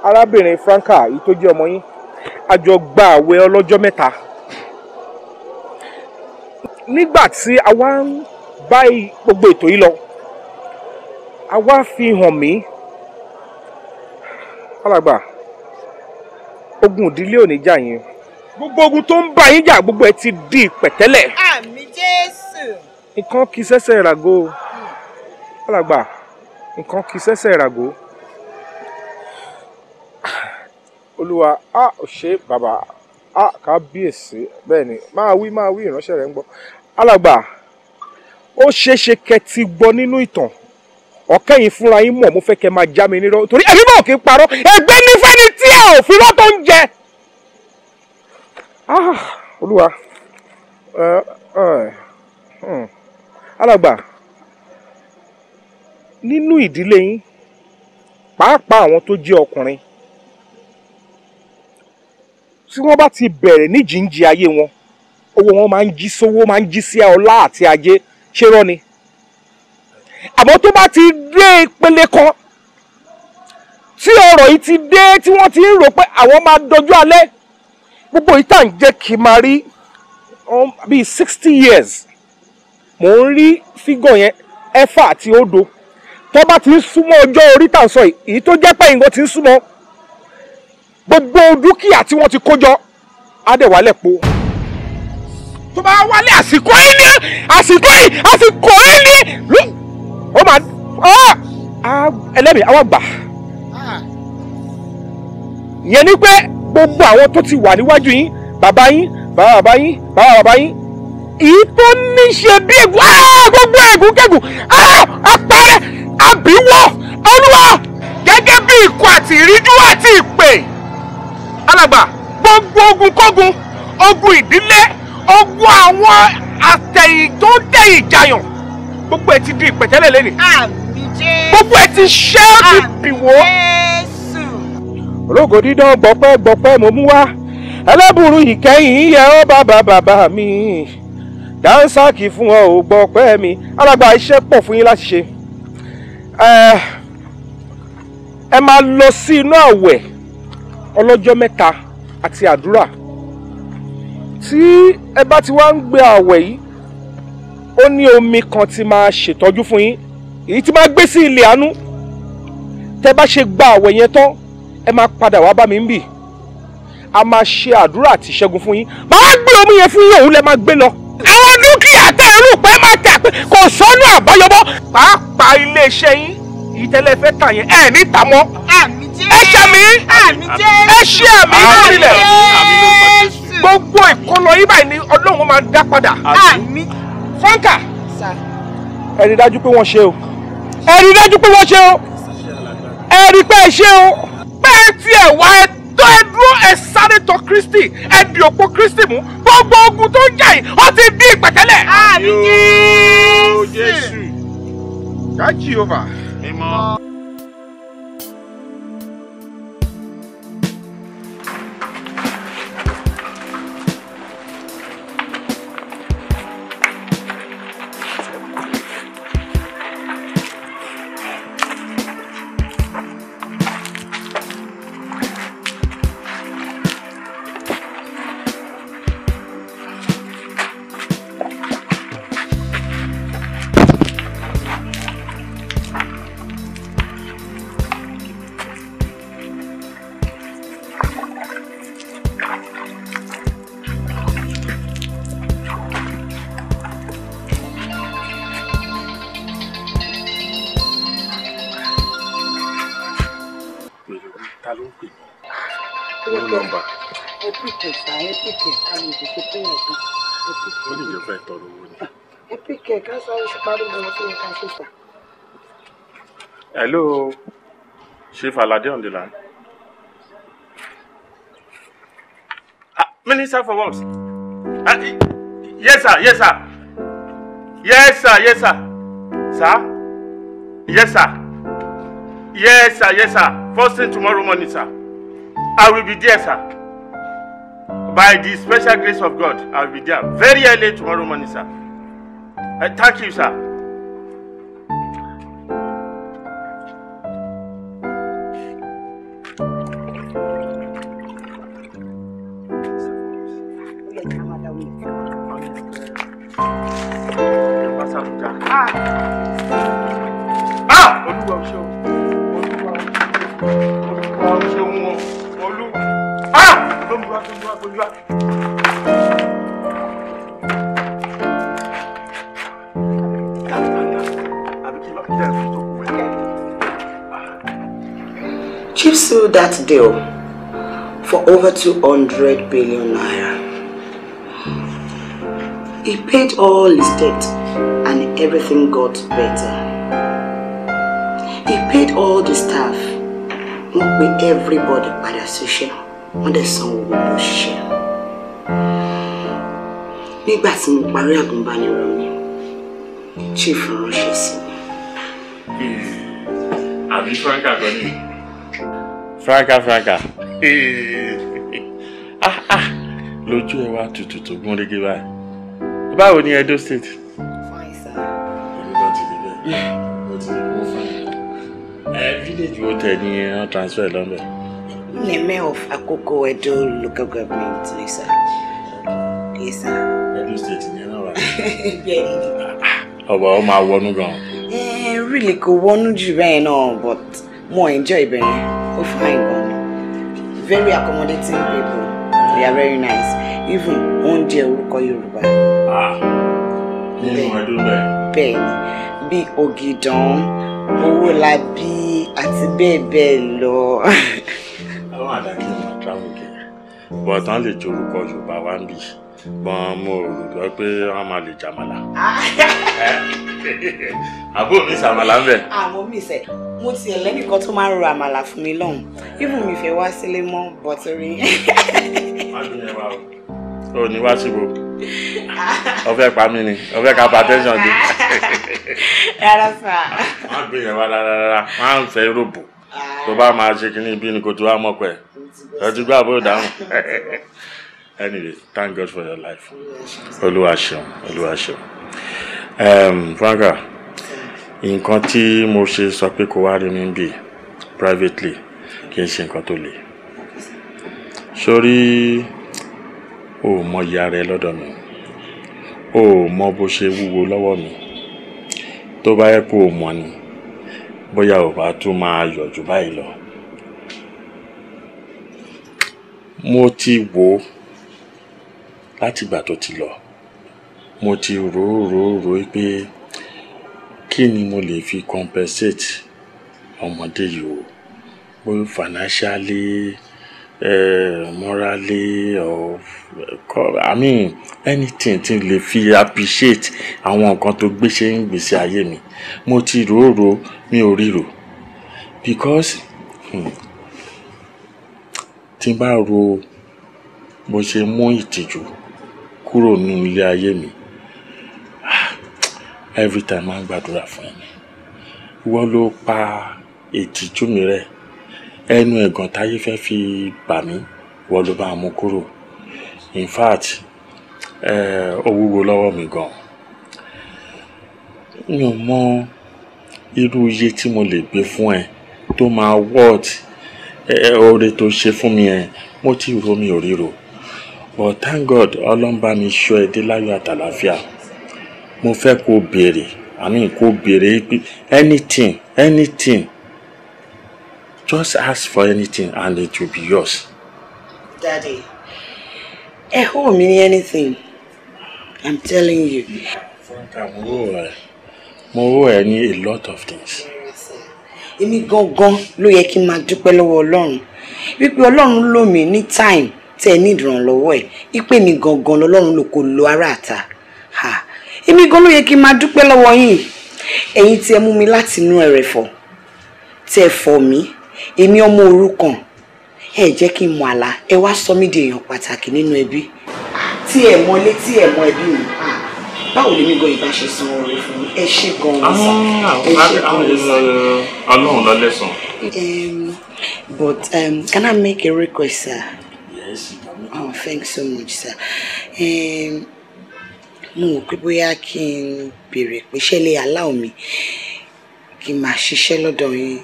arábìnrin Franca yìí tó jẹ́ ọmọ yín a jọ gba àwẹ̀ ọlọ́jọ́ mẹ́ta nígbà tí a wá ń bá gbogbo ètò yìí lọ a wá fi hàn mí alàgbà ogun ìdílé ò ní jà yín gbogbo ogun tó ń bá yín jà gbogbo ẹ ti di pẹ̀tẹ́lẹ̀. àmì Jésù. nǹkan kì í ràgó hmm. alàgbà. Hmm nǹkan kì í ṣẹ̀ṣẹ̀ ràgó olúwa a ò ṣe bàbá a kábíyèsí bẹ́ẹ̀ ni máa wí máa wí ìránṣẹ́ rẹ̀ ń gbọ́ alàgbà ó ṣeéṣe kẹ́ ti gbọ́ nínú ìtàn ọ̀kẹ́ yìí fúnra yín mọ̀ mo fẹ́ kẹ́ máa já mi nírọ́ torí ẹ̀mí mọ̀ kí n parọ́ ẹgbẹ́ ní fẹ́ni tí a ò fi lọ́tọ̀ ń jẹ. Ah, olúwa hmm. alàgbà. Uh, uh, hmm nínú ìdílé yín pàápàá àwọn tó jẹ́ ọkùnrin tí wọ́n bá ti bẹ̀rẹ̀ ní jíǹji ayé wọn owó wọn máa ń jí sówó máa ń jí sí ọlá àti ajé ṣé rọ́ ni àmọ́ tó bá ti dé ìpele kan tí ọ̀rọ̀ yìí ti dé tí wọ́n ti ń rò pé àwọn máa dojú alẹ́ gbogbo yìí tà ń jẹ́ kí n máa rí um, bíi sixty years mò ń rí fígọ̀ yẹn ẹ̀fà àti òdo tó bá ti ń súnmọ́ ọjọ́ orí tà ń sọ yìí èyí tó jẹ́ pé ìgbọ́n ti ń súnmọ́ gbogbo dúkìá tí wọ́n ti kó jọ adẹ̀wálẹ̀ po tó bá wálé àsìkò yìí ni àsìkò yìí àsìkò yìí ni ó máa ẹlẹ́mìí àwọn àgbà yẹn ni pé gbogbo àwọn tó ti wà níwájú yín bàbá yín bàbá bàbá yín bàbá bàbá yín èyí tó ní ṣe bí ègún gbogbo ègún kẹ́gùn àpẹẹrẹ àbíwọ́ olúwa gẹ́gẹ́ bí ikú àti ìríjú àti ìpè alàgbà gbogbo ogun kógun ogun ìdílé ogun àwọn àtẹ̀yìn tó ń tẹ̀yìn jayàn gbogbo ẹ̀ ti di ìpẹ̀tẹ́lẹ̀ lẹ́nu gbogbo ẹ̀ ti ṣẹ́ ó ti bìwọ́. ológo dídán gbọpẹ́ gbọpẹ́ mo mú wá ẹlẹ́bùrú ìkẹyìn yẹ ọ́ bàbá bàbá mi dánsákì fún ọ ò gbọpẹ́ mi alàgbà iṣẹ́ pọ̀ fún yín láti ṣe ẹ máa lọ sí inú àwẹ̀ ọlọ́jọ́ mẹ́ta àti àdúrà tí ẹ bá ti wá ń gbé àwẹ̀ yìí ó ní omi kan tí máa ṣètọ́jú fún yín èyí tí máa gbé sí ilé àánú tẹ bá ṣe gba àwẹ̀ yẹn tán ẹ máa padà wá bá mi ń bì a máa ṣe àdúrà àti ìṣẹ́gun fún yín màá gbé omi yẹn fún yín òun lẹ máa gbé lọ àwọn dúkìá tẹ irúpẹ má tà pé kò sọnù àbáyọbọ. pàápàá iléeṣẹ́ yín ìtẹ́lẹ̀ fẹ́ tà yẹn ẹ̀ ní tàmọ́. ẹ ṣe mí ẹ ṣe àmì ìrìnlẹ̀ gbogbo ìkọlọ yìí báyìí ni ọlọ́run máa dá padà. franka ẹ rí dájú pé wọ́n ṣe o ẹ rí dájú pé wọ́n ṣe o ẹ rí pé ẹ ṣe o bẹ́ẹ̀ tiẹ̀ wá ẹ tó ẹ dúró ẹ sáré tọ kristi ẹ di òpó kristi mú gbogbo ogun tó ń jà yìí ó ti bí ìpẹ̀tẹ́lẹ̀. àmín jésù. ká jí ova. mímọ́. Hello, Chief Lade on the line. Ah, Minister for Works. Ah, yes, sir. Yes, sir. Yes, sir. Yes, sir. Sir. Yes, sir. Yes, sir. Yes, sir. First thing tomorrow morning, sir. I will be there, sir. By the special grace of God, I will be there very early tomorrow morning, sir. 아니 다 기입사 Thank you. cancelled that deal for over 200 billion naira. He paid all his debt and everything got better. He paid all the staff, wọ́n pè everybody padà síṣẹ́, wọ́n dẹ̀ the owó bó ṣiṣẹ́. Nígbà tí mo parí àgùnbánirọ̀ mi, chief ránṣẹ́ sí mi. Hmm. Àbí Frank Agoni franka franka <laughs> ah ah lójú ẹ wá tutù tó gún régé báyìí báwo ni Edo State. fine sir. olùkọ́ ti rí bẹ́ẹ̀ ó ti rí wọ́n fún ẹ village wo tẹ ní wọ́n transfer lọ́nbẹ̀. neme of Akoko Edo local government ni sir. yes sir. Edo State ni ẹ náà wà. <laughs> ọba ọ máa wọnú gan. ẹ eh, ẹ really kò wọnú jù bẹ́ẹ̀ náà but mo enjoy ibẹ̀ people fine gan very accommodating people they are very nice even oúnjẹ orúkọ yorùbá. nínú ọdún bẹ́ẹ̀. bẹ́ẹ̀ ni bíi ògìdàn owó labí àti bẹ́ẹ̀ bẹ́ẹ̀ lọ. àwọn àdàkì máa travel kiri bọ̀tán lè jorúkọ yorùbá wá ń bì í ṣùgbọ́n mo rò lọ pé wọ́n máa lè jàmàlà. <laughs> àbó mi sàmàlà ń bẹ̀. àmọ́ mi sẹ̀ mo tiẹ̀ lẹ́nìkan tó máa ń ro àmàlà fún mi lọ́hùn ibù mi fẹ́ wá sílé mọ́ bọ̀tìrì. má bí yẹn wá o ò ní wá síbo ọfẹ pa mí ni ọfẹ ká pa tẹsán dé. <laughs> rárá sá. má gbé yẹn wá rárá rárá má ń fẹ́ ròbò tó bá máa ṣe kínní bí ni kò tó wá mọ̀ pẹ̀ ẹ ti gbà bó dáhùn anyway thank God for your life olúwa ṣeun olúwa ṣeun um, Franca nǹkan tí mo ṣe sọ pé kò wá rí mi bì privately kì í ṣe nǹkan tó le sórí o ò mọ ìyá rẹ lọ́dọ̀ mi o ò mọ bó ṣe wúwo lọ́wọ́ mi tó bá yẹ kó o mọ ni bóyá ò bá tún máa yọ̀ báyìí lọ mo ti wò ó látìgbà tó ti lọ mo ti rò ó rò ó rò ó pé kí ni mo lè fi compensate ọmọdé yìí o bó financially uh, morally or uh, i mean anything tí n lè fi appreciate àwọn nǹkan tó gbé ṣe ń gbèsè ayé mi mo ti rò ó rò ó mi ò ríro because hmm, tí n bá ro bó ṣe mú ìtìjú kúrò nínú ilé ayé mi ah, every time máa ń gbàdúrà fún ẹni ìwọ ló pa ìtìjú mi rẹ́ ẹnu ẹ̀gàn táyé fẹ́ fi bà mí ìwọ ló bá mú kúrò in fact ó wúwo lọ́wọ́ mi gan mi ò mọ irú iye tí mo lè gbé fún ẹ tó máa wọ́ọ̀tì oore tó ṣe fún mi ẹ mo ti rò mi ò ríro but thank God ọlọ́run bá mi ṣọ́ ẹ dé láyọ̀ àtàlàfíà mo fẹ́ kó béèrè àmì kó béèrè anything anything just ask for anything and it will be yours. daddy ẹ hó mi ní anything i'm telling you. mo rò ẹ mo rò ẹ ní a lot of things. èmi gangan ló yẹ kí n máa dúpẹ́ lọ́wọ́ ọlọ́run wípé ọlọ́run lò mí ní time tẹ́ ẹ ní ìrànlọ́wọ́ ẹ̀ ìpè mi gangan lọ́lọ́run ló kò lo ara àta èmi gan ló yẹ kí n máa dúpẹ́ lọ́wọ́ yín ẹ̀yin tí ẹ mú mi láti inú ẹ̀rẹ̀fọ̀ tẹ́ ẹ fọ̀ mí èmi ọmọ òrukàn ẹ jẹ́ kí n mọ àlá ẹ wá sọ mí di èèyàn pàtàkì nínú ẹbí tí ẹ mọ ilé tí ẹ mọ ẹbí mi báwo lèmi gan ìbá ṣe san oore fún mi ẹ ṣe gan ọsà ah, ẹ ṣe gan ọsà. Eh, alóhùn lálẹ́ sàn. but um, can I make a request sir. Oh, thanks so much, sir. Mo rò pé bóyá kí n béèrè pé ṣé lè allow mi kí n máa ṣiṣẹ́ lọ́dọ̀ yín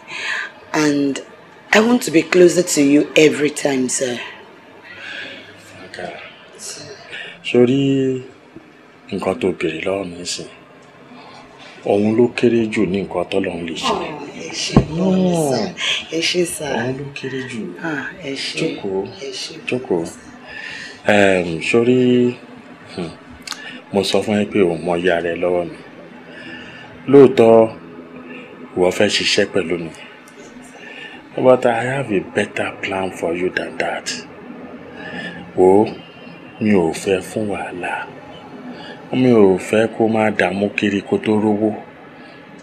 and I want to be closer to you every time, sir. Ṣorí nǹkan tó béèrè lọ́wọ́ mi sìn òun ló kéré jù ní nǹkan tọ́lọ́run lè ṣe. Ah, ẹ ṣe sá òun ló kéré jù ah, jókòó jókòó sórí hmm, mo sọ fún yín pé òun mọ ìyá rẹ lọ́wọ́ mi lóòótọ́ ìwọ fẹ́ ṣiṣẹ́ pẹ̀lú mi but I have a better plan for you than that wo mi ò fẹ́ fún wàhálà mi ò fẹ́ kó máa dààmú kiri kó tó rówó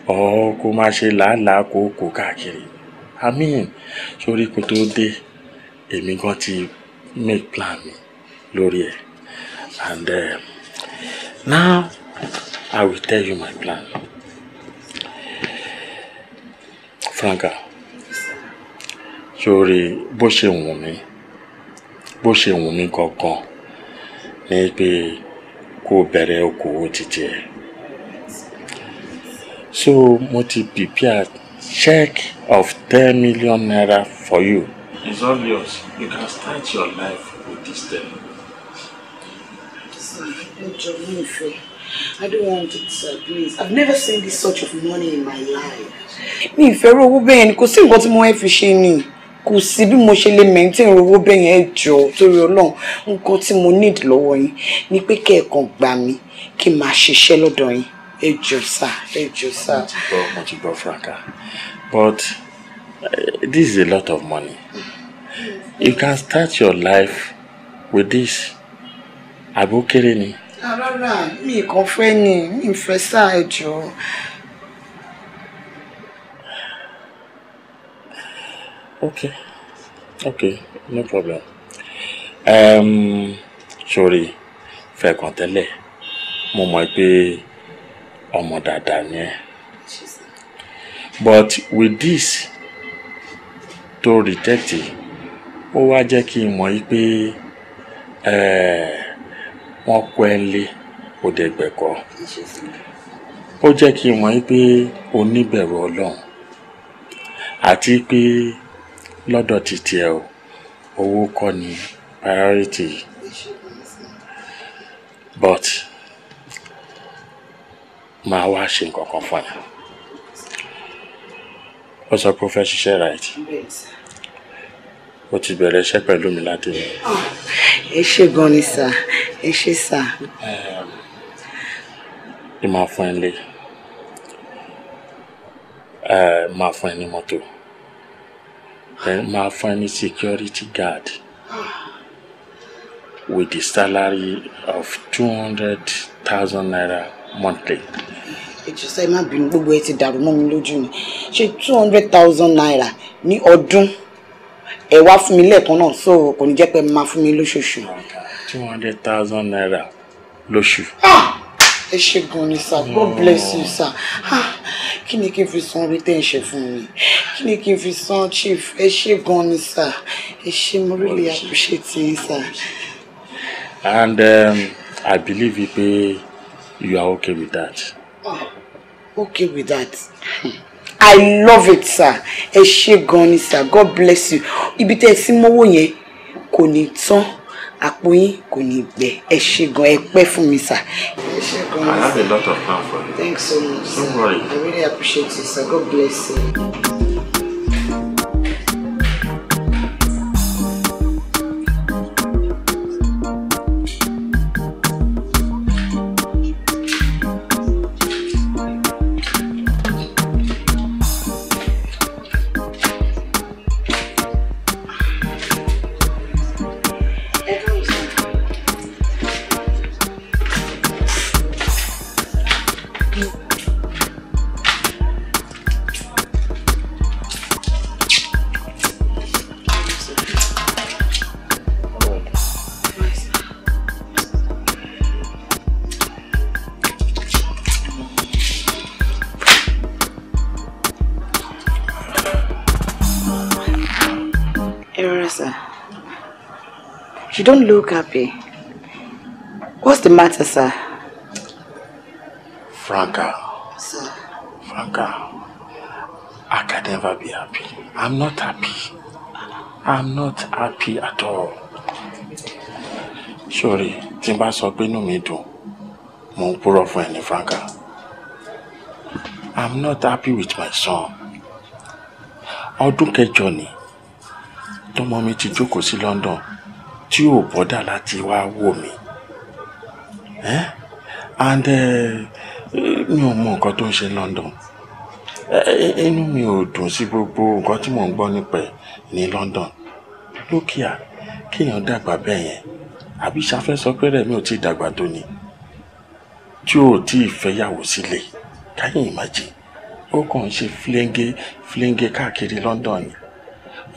or kó máa ṣe làálàá kòókòó káàkiri. I mean, sórí kó tó dé èmi gan ti make plan mi lórí ẹ̀ and um, now I will tell you my plan. Franka. sórí bó ṣe wù mí bó ṣe wù mí gangan ni pé kó okòwò títí ẹ̀. so mo ti prepare check of ten million naira for you. it's all yours you can start your life with this ten I don't want it Sir, please. I've never seen this sort of money in my life. Me, ìfẹ́ who been? ni kò sí nǹkan tí mo fẹ́ kò sí bí mo ṣe lè maintain owó bẹ́ẹ̀ yẹn jọ torí ọlọ́run nǹkan tí mo need lọ́wọ́ yín ni pé kẹ́ẹ̀kan gbà mí kí n máa ṣiṣẹ́ lọ́dọ̀ yín ẹ jọ sá ẹ jọ sá. mo ti gbọ́ mo ti gbọ́ franca but uh, this is a lot of money you can start your life with this àbókèrè ni. rárá mi kàn fẹ́ ni mi fẹ́ sá ẹ jọ. Okay. Okay, no problem. Um, sorry, fẹ́ kàn tẹ́lẹ̀, mo mọ̀ pé ọmọ dáadáa ni ẹ́. But with this to reject it, ó wá jẹ́ kí n mọ̀ yí pé wọ́n kọ́ ẹ lé òdẹ̀gbẹ̀kọ́. ó jẹ́ kí n mọ̀ pé oníbẹ̀rù Ọlọ́run àti pé. Pe lọ́dọ̀ títí ẹ o owó kọ́ ni priority but máa wá ṣe nǹkan kan fún ẹ ó sọ pé ó fẹ́ ṣiṣẹ́ right ó ti bẹ̀rẹ̀ iṣẹ́ pẹ̀lú mi láti mi. ẹ ṣe gan ni sà ẹ ṣe sà. Ehm, ẹ máa fún ẹ lé ẹ ehm, máa fún ẹ ní mọ́tò máa fún ẹ security guard with the salary of two hundred thousand naira monthly. ìjọ sẹ́yìn má bínú gbogbo ẹ ti dàrú mọ́ mi lójú ni ṣé two hundred thousand naira ní ọdún ẹ wá fún mi lẹ́ẹ̀kan náà so kò ní jẹ́ pé máa fún mi lóṣooṣù. two hundred thousand naira lóṣù. ah ẹ ṣe gan ni sir god bless you sir ah, kí ni kí n fi san orí tẹ́ ẹ̀ ṣe fún mi kí ni kí n fi san chief ẹ ṣe gan ni sir ẹ ṣe mo really appreciate you sir. and um, i believe you pé you are okay with that. Oh, okay with that. i love it sir ẹ ṣe gan ni sir god bless you ibi tẹ́ ẹ sí mọ́wọ́ yẹn kò ní tán àpò yín kò ní gbẹ ẹ ṣe ẹ pẹ́ fún mi sà. ẹ ṣe gan ma I have a lot of time for you. Thanks so much. No worry. I really appreciate you sir. God bless you. don't look happy. What's the matter, sir? Franca. Sir. Franca. I can never be happy. I'm not happy. I'm not happy at all. Sorry, tí n bá sọ pé inú mi dùn, mo ń purọ́ fún ẹni Franca. I'm not happy with my son. Ọdún kẹjọ ni tọmọ mi ti jókòó sí London tí ò bọ́dà láti wá wò mí and eh, mi ò mọ nǹkan tó ń ṣe London inú mi ò dùn sí gbogbo nǹkan tí mò ń gbọ́ nípa ẹ̀ ní London lókìá kéèyàn dàgbà bẹ́ẹ̀ yẹn àbí ṣafẹ́ sọ pé rẹ̀ mi ò tí ì dàgbà tó ni tí ò tí ì fẹ́yàwó sílé káyìn ìmájì ó kàn ń ṣe fúlẹ́ńgé fúlẹ́ńgé káàkiri London yìí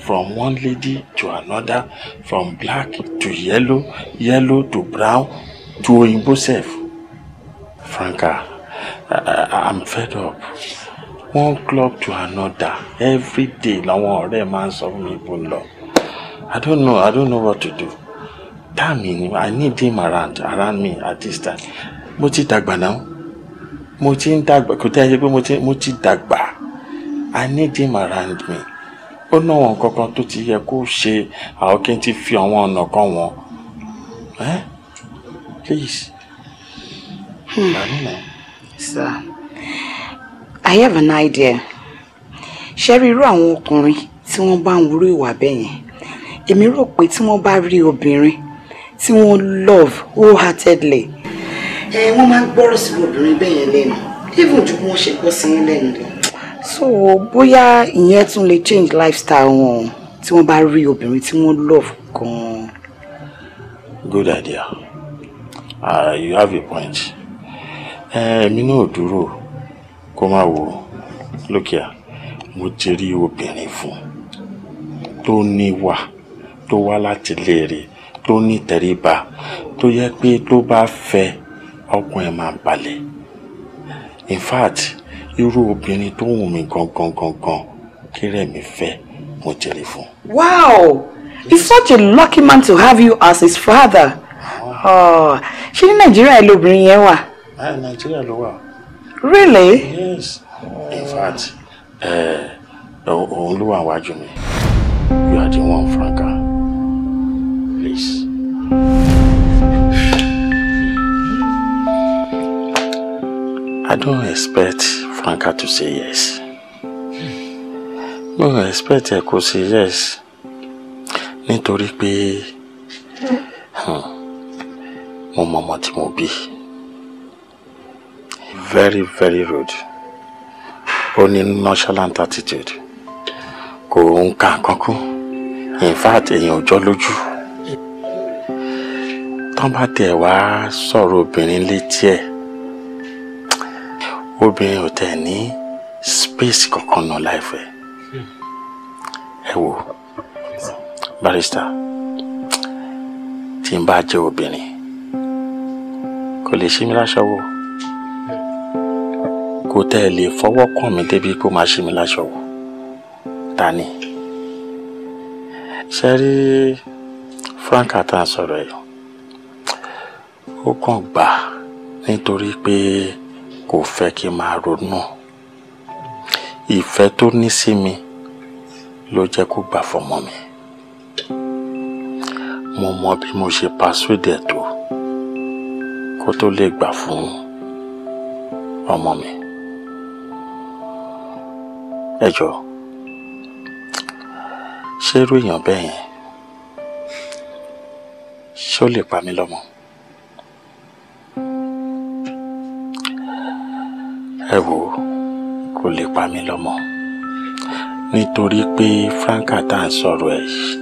from one lady to another from black to yellow yellow to brown to oyinbo sef franca I, I, i'm fed up one club to another every day làwọn ọ̀rẹ́ máa ń sọ fún mi bó lọ i don't know i don't know what to do tami ni i need him around around me at this time mo ti dàgbà náà mo ti ń dàgbà kò tẹ́ ẹ ṣe pé mo ti dàgbà i need him around me ó náwọn kankan tó ti yẹ kó ṣe àwọn kí n ti fi àwọn ọ̀nà kan wọn hmm. i have an idea ṣe rí irú àwọn ọkùnrin tí wọ́n bá ń wúrú ìwà bẹ́ẹ̀ yẹn èmi rò pé tí wọ́n bá rí obìnrin tí wọ́n love wholeheartedly ẹ wọ́n máa ń gbọ́rọ̀ sí obìnrin bẹ́ẹ̀ yẹn lẹ́nu even ju bí wọ́n ṣe gbọ́ sí yín lẹ́nu lọ so bóyá ìyẹn tún lè change lifestyle wọn tí wọ́n bá rí obìnrin tí wọ́n love gan good idea uh, you have a point eh, èmi náà dúró kó má wo lókè à mo ti rí obìnrin fún tó níwà tó wá láti léèrè tó ní tẹríba tó yẹ pé tó bá fẹ́ ọkàn máa balẹ̀ in fact irú obìnrin tó wù mí gangan gangan kí rẹ̀mí fẹ́ mo jẹ́rìí fún. wow he's such a lucky man to have you as his father. Ah. Oh, ṣé ní nàìjíríà ilé obìnrin yẹn wà. Ah, nàìjíríà ló wà. really. yes in fact eh, òun ló wà wájú mi you are the one Franca please. I don't expect Franca to say yes. Hmm. Mo no, expect ẹ to say yes Nitori pé hmm, mo mama ọmọ mo bí. Very very rude. Ó ní nonchalant attitude. Kò ń ka In fact, èèyàn ò jọ lójú. Tán bá tẹ̀ wá sọ̀rọ̀ obìnrin létí ẹ̀ obìnrin ò tẹ̀ ní space kankan náà láìfẹ́ ẹ wò barista tí n bá jẹ́ obìnrin kò lè ṣí mi láṣọ wò kò tẹ́ ẹ lè fọwọ́ kàn mí débi kó máa ṣí mi láṣọ wò ta ni ṣe rí Frank tá a sọ̀rọ̀ ẹ̀ ó kàn gbà nítorí pé kò fẹ́ kí n máa ronú ìfẹ́ tó ní sí mi ló jẹ́ kó gbà fọmọ mi mo mọ bí mo ṣe pàṣẹdẹ tó kó tó lè gbà fún ọmọ mi ẹ jọ̀ọ́ ṣé irú èèyàn bẹ́ẹ̀ yẹn ṣó lè pa mí lọ́mọ. ẹ wo. ó kò lè pa mí lọ́mọ nítorí pé Franca tá à ń sọ̀rọ̀ ẹ̀ yìí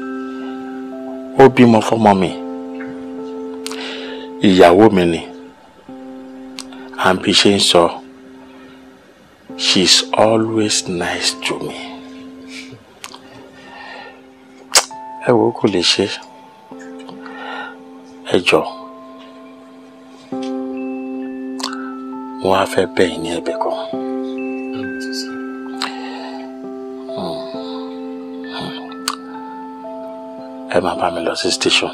ó bímọ fọ́mọ mi ìyàwó mi ni à ń bí ṣe ń sọ she is always nice to me ẹ wo ó kò lè ṣe ẹ jọ̀ọ́. wọn á fẹ́ bẹ̀ yín ní ẹ̀bẹ̀ kan. ẹ máa bá mi lọ sí station.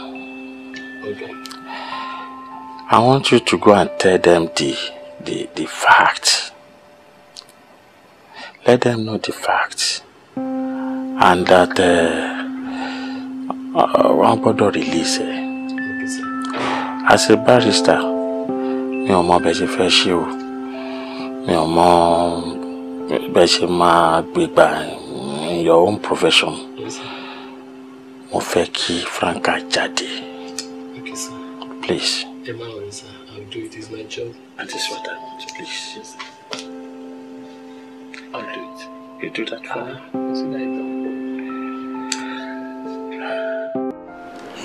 I want you to go and tell them the, the, the fact. Let them know the fact. And that uh, uh, one release. Uh, as a barrister, mi ò mọ bẹ́ẹ̀ ṣe fẹ́ ṣe o mi ò mọ bẹ́ẹ̀ ṣe máa gbégbà in your own profession mo fẹ́ kí Franca jáde okay, sir. please. Emma, sir. I'll do it. It's my job. And this is please. Yes, I'll do it. You do that ah,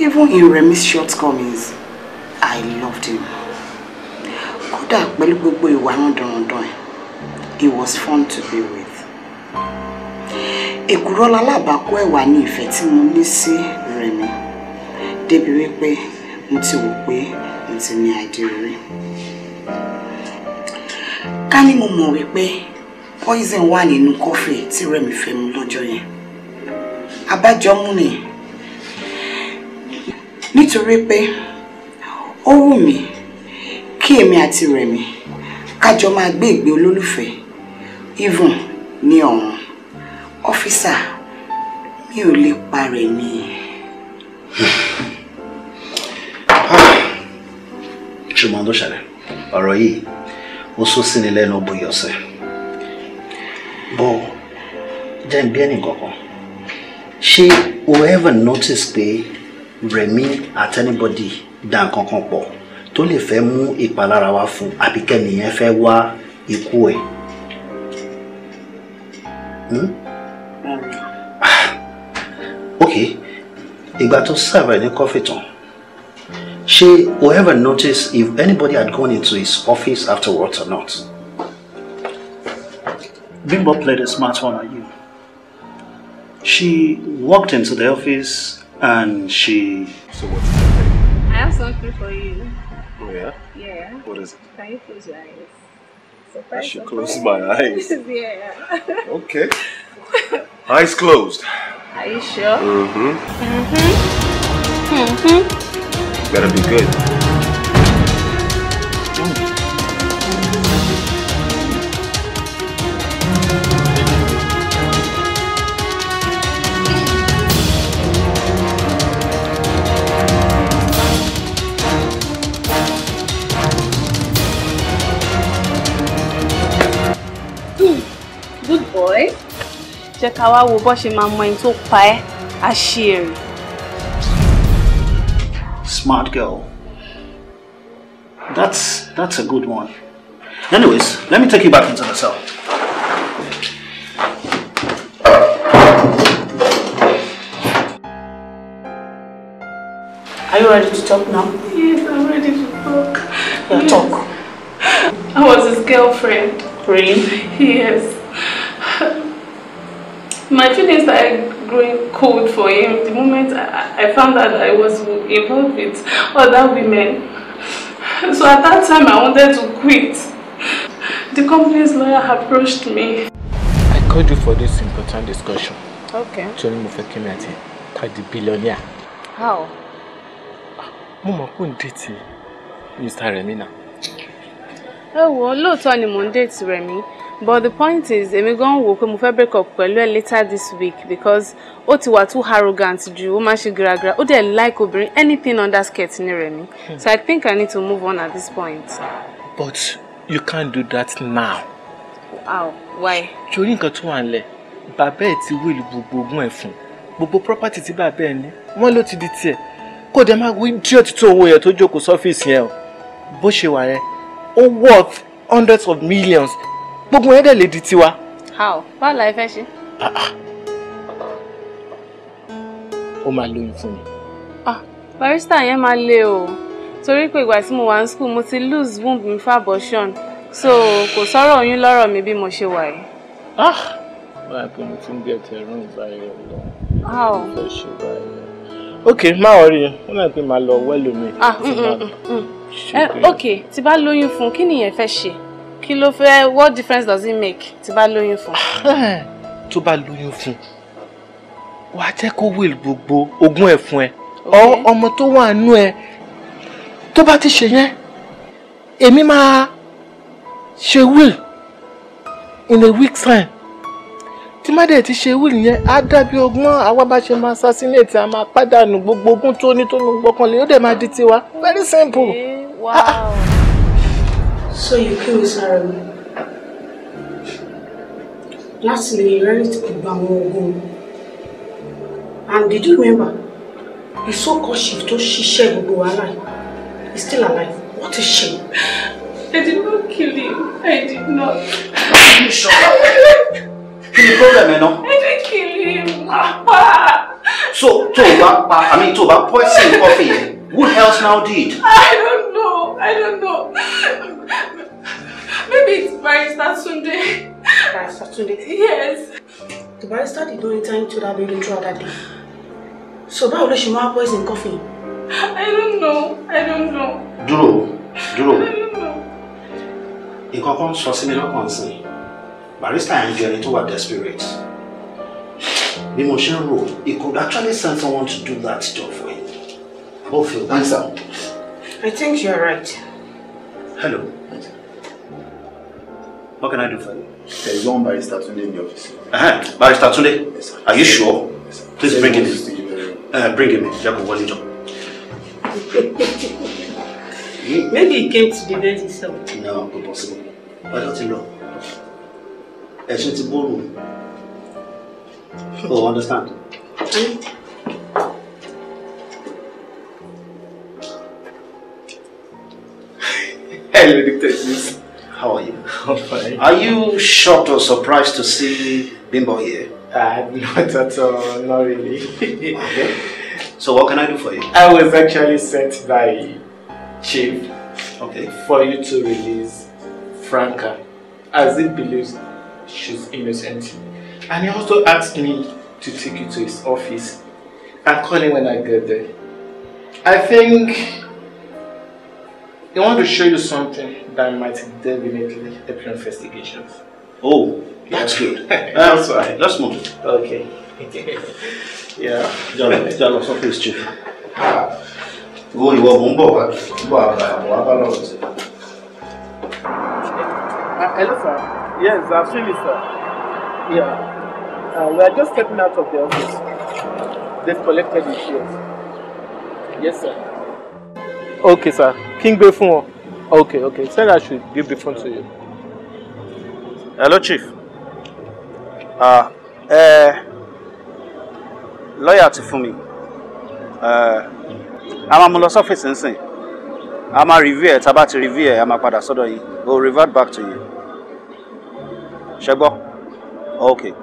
Even in Remy's shortcomings, I loved him kódà pẹ̀lú gbogbo ìwà rúndùnrúndùn ẹ̀ it was fun to be with. èkúrọ́ lalábàákú ẹ̀wà ni ìfẹ́ tí mo ní sí Rẹ̀mí débi wípé mo ti wò pé mo ti ní adé orí. ká ní mo mọ̀ wípé poison wà nínú kọfí tí Rẹ̀mí fẹ́ mu lọ́jọ́ yẹn abájọ mú nìyẹn nítorí pé ó wù mí kí èmi àti Rẹ̀mí kájọ máa gbé ìgbé olólùfẹ́ even ní ọ̀run ọ́físà mi ò lè pa Rẹ̀mí. <sighs> ṣùgbọ́n tó ṣẹlẹ̀ ọ̀rọ̀ yìí ó sún sí ni lẹ́nu bóyá ọ̀sẹ̀ bó jẹ́ bí ẹnì kankan ṣé o ever notice pé Rẹ̀mí àtẹnibọ́dì dá nǹkan kan pọ̀ tó lè fẹ́ mú ìpalára wá fún àbí kẹ́nìyẹn fẹ́ wá ikú ẹ̀. Hmm? Ah, ok ìgbà tó serve ẹ̀ ní coffee tán ṣé o ever notice if anybody had gone into his office afterwards or not. Bimbo played a smart one at you. She walked into the office and she. So what? I have something for you. Yeah? Yeah. What is it? Can you close your eyes? Surprise, I should surprise. close my <laughs> eyes. yeah. Okay. eyes closed. Are you sure? Mm-hmm. Mm-hmm. Mm-hmm. Better be good. jẹ́ ká wá wo bó ṣe máa mọ ẹni tó pa ẹ́ àṣírí. Smart girl. That's that's a good one. Anyways, let me take you back into the cell. Are you ready to talk now? Yes, I'm ready to talk. Yeah, yes. talk. I was his girlfriend. Really? Yes my feelings started growing cold for him the moment I, I found out I was involved with other women. So at that time I wanted to quit. The company's lawyer approached me. I called you for this important discussion. Okay. Torí mo fẹ́ kí ni billionaire. How? Mo mọ̀ pé Mr. Remina. Oh well, wo lóòótọ́ ni Remi but the point is èmi gan wò pé mo fẹ́ break up pẹ̀lú ẹ later this week because ó ti wà too arrogant ju ó máa ṣe gragra ó dẹ̀ like obìnrin anything under skirt ni Rẹ̀mí so i think i need to move on at this point. but you can't do that now. wow why. torí nǹkan tó wà nílẹ̀ bàbá ẹ̀ ti wíìlì gbogbo ogún fún gbogbo property tí bàbá ẹ̀ ní wọ́n ló ti di tiẹ̀ kó dẹ̀ máa wí díẹ̀ tó owó yẹn tó jókòó sọ́fíìsì yẹn o bó ṣe wà yẹn ó worth hundreds of millions gbogbo yẹn dẹ̀ lè di tiwa. how báwo la ẹ fẹ́ ṣe. Ah, ah. ó máa lóyún fún mi. Ah, barista yẹn máa le o torí pé ìgbà tí mo wà ní school mo ti lose womb mi fún abortion so kò sọ̀rọ̀ oyún lọ́rọ̀ mi bí mo ṣe wà yìí. báyìí pé mo ti ń gẹ̀ tẹ̀rún ìbáyọ̀ lọ. how mo fẹ́ ṣe báyìí. ok má worry wọn náà pé màá lọ wẹ́lòmíì. Mm, mm, mm, eh, ok tí bá lóyún fún kí nìyẹn fẹ́ ṣe kí ló fẹ́ what difference does it make tí bá lóyún fún. tó bá lóyún fún wà á jẹ́ kó will gbogbo ogún ẹ̀ fún ẹ ọ ọmọ tó wà nú ẹ tó bá ti ṣe yẹn èmi máa ṣe will in a week time tí má dẹ̀ ti ṣe will yẹn á dàbí ọgbọ́n àwa bá ṣe máa assassinate a máa pàdánù gbogbo ogún tó ní tó ń gbọ́kànlé ó dẹ̀ máa di tiwa very simple. Okay. Wow. Ah, ah. So you kí Sarah. Lastly, you Láti lè rẹ́rìn tí And did you remember? The saw called chief tó ṣiṣẹ́ gbogbo wàhálà still alive. What a shame. I did not kill him. I did not. Are you sure? Kí you problem ẹ̀ náà? I didn't kill him. So, toba, o I mean, toba, o poison coffee who else now did? I don't know. I don't know. Maybe it's Barrister Sunday. Barrister Sunday. Yes. The barrister did not enter into that building throughout that day. So báwo ló ṣe máa poison coffee? I don't know. I don't know. Dúró. Dúró. I don't know. Nǹkan kan sọ sí mi lọ́kàn sí. Barrister yẹn ju ẹni tó wà desperate. Bí mo ṣe ń he could actually send someone to do that job for him. Ó fi ògbà I think you're right. Hello. What can I do for you? There is one barrister Tunde in the office. Uh-huh. Barrister Tunde? Yes, sir. Are you sure? Yes, sir. Please bring him in. Uh, bring him in. Jacob, what is it? Maybe he came to defend himself. No, not possible. Why don't you know? Ẹ̀sùn ti bóòlù. Oh, understand? How are you? <laughs> Are you shocked or surprised to see Bimbo here? Uh, <laughs> not at all, not really. okay. So what can I do for you? I was actually sent by Chief okay. for you to release Franca as he believes she's innocent. And he also asked me to take you to his office and call him when I get there. I think I want to show you something that might definitely help your investigations. Oh, that's good. <laughs> Um, that's right. Let's move. Okay. <laughs> yeah. Jalo, Jalo, so please, Chief. Go, you are Bumbo. Uh, hello, sir. Yes, I've seen it, sir. Yeah. Uh, we are just stepping out of the office. They've collected the shares. Yes, sir. Okay, sir. King Befun. Okay, okay. Said I should give the phone to you. Hello, Chief. Ah, uh, eh, Lawyer, ti fún mi. Eh, a máa mú lọ sọ́fíìsì nsìn. A máa review ẹ̀ tá a bá ti review ẹ̀ a máa padà sọ́dọ̀ yìí. We will revert back to you. Ṣé gbọ́? Okay.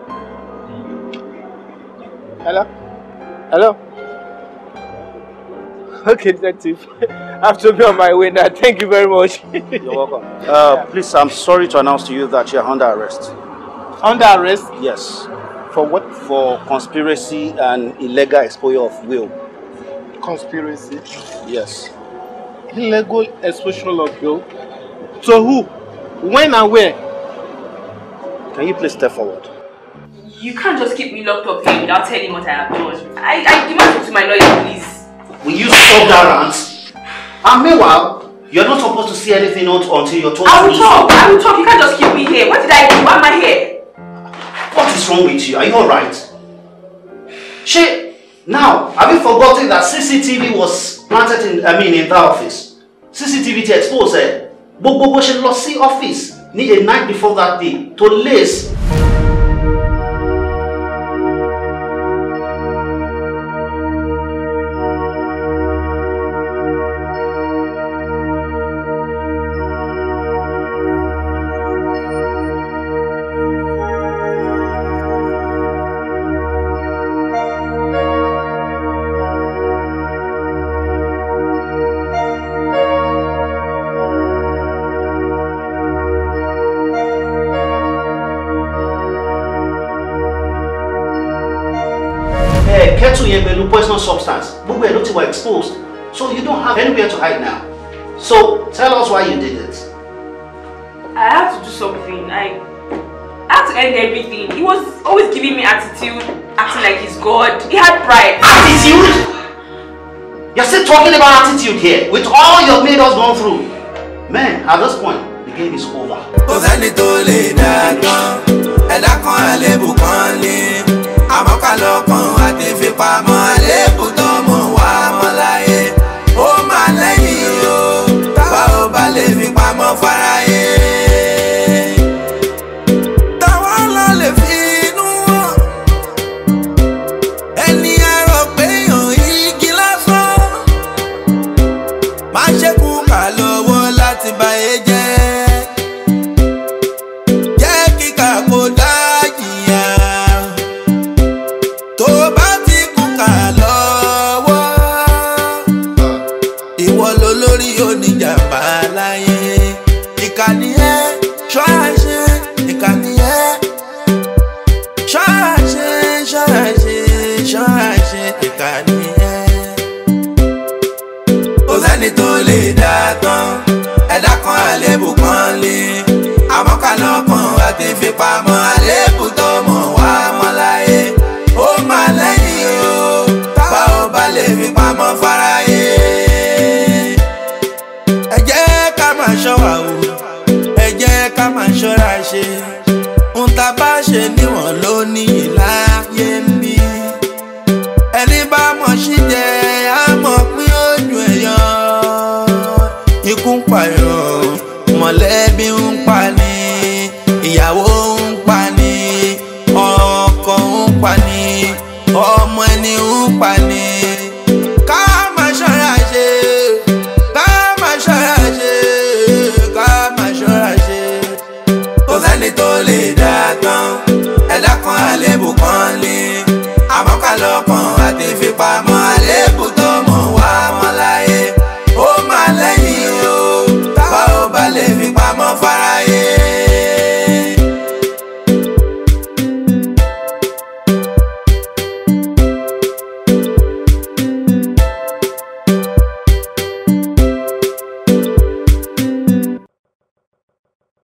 Hello? Hello? Okay, detective. <laughs> I have to be on my way now. Thank you very much. You're welcome. Uh, yeah. Please, I'm sorry to announce to you that you're under arrest. Under arrest? Yes. For what? For conspiracy and illegal exposure of will. Conspiracy? Yes. Illegal exposure of will? To so who? When and where? Can you please step forward? You can't just keep me locked up here without telling what I have done. I, I demand it to my lawyer, please. Will you stop that rant? And meanwhile, you're not supposed to see anything out until you're told. I will talk. I will talk. You can't just keep me here. What did I do? Why am I here? What is wrong with you? Are you alright? She now have you forgotten that CCTV was planted in I mean in that office? CCTV to expose her. Gbogbo She lost the office Need a night before that day to lace no substance gbogbo ẹ̀ ló ti wà exposed so you don't have anywhere to hide now so tell us why you did it. I had to do something I had to end everything he was always giving me attitude acting like he's God he had pride. attitude you're still talking about attitude here with all you've made us go through man at this point the game is over àmọ́ ká lọ kàn àti fipamọ́ lẹ́kùn tó mọ́. ṣe níwọ̀n lónìí.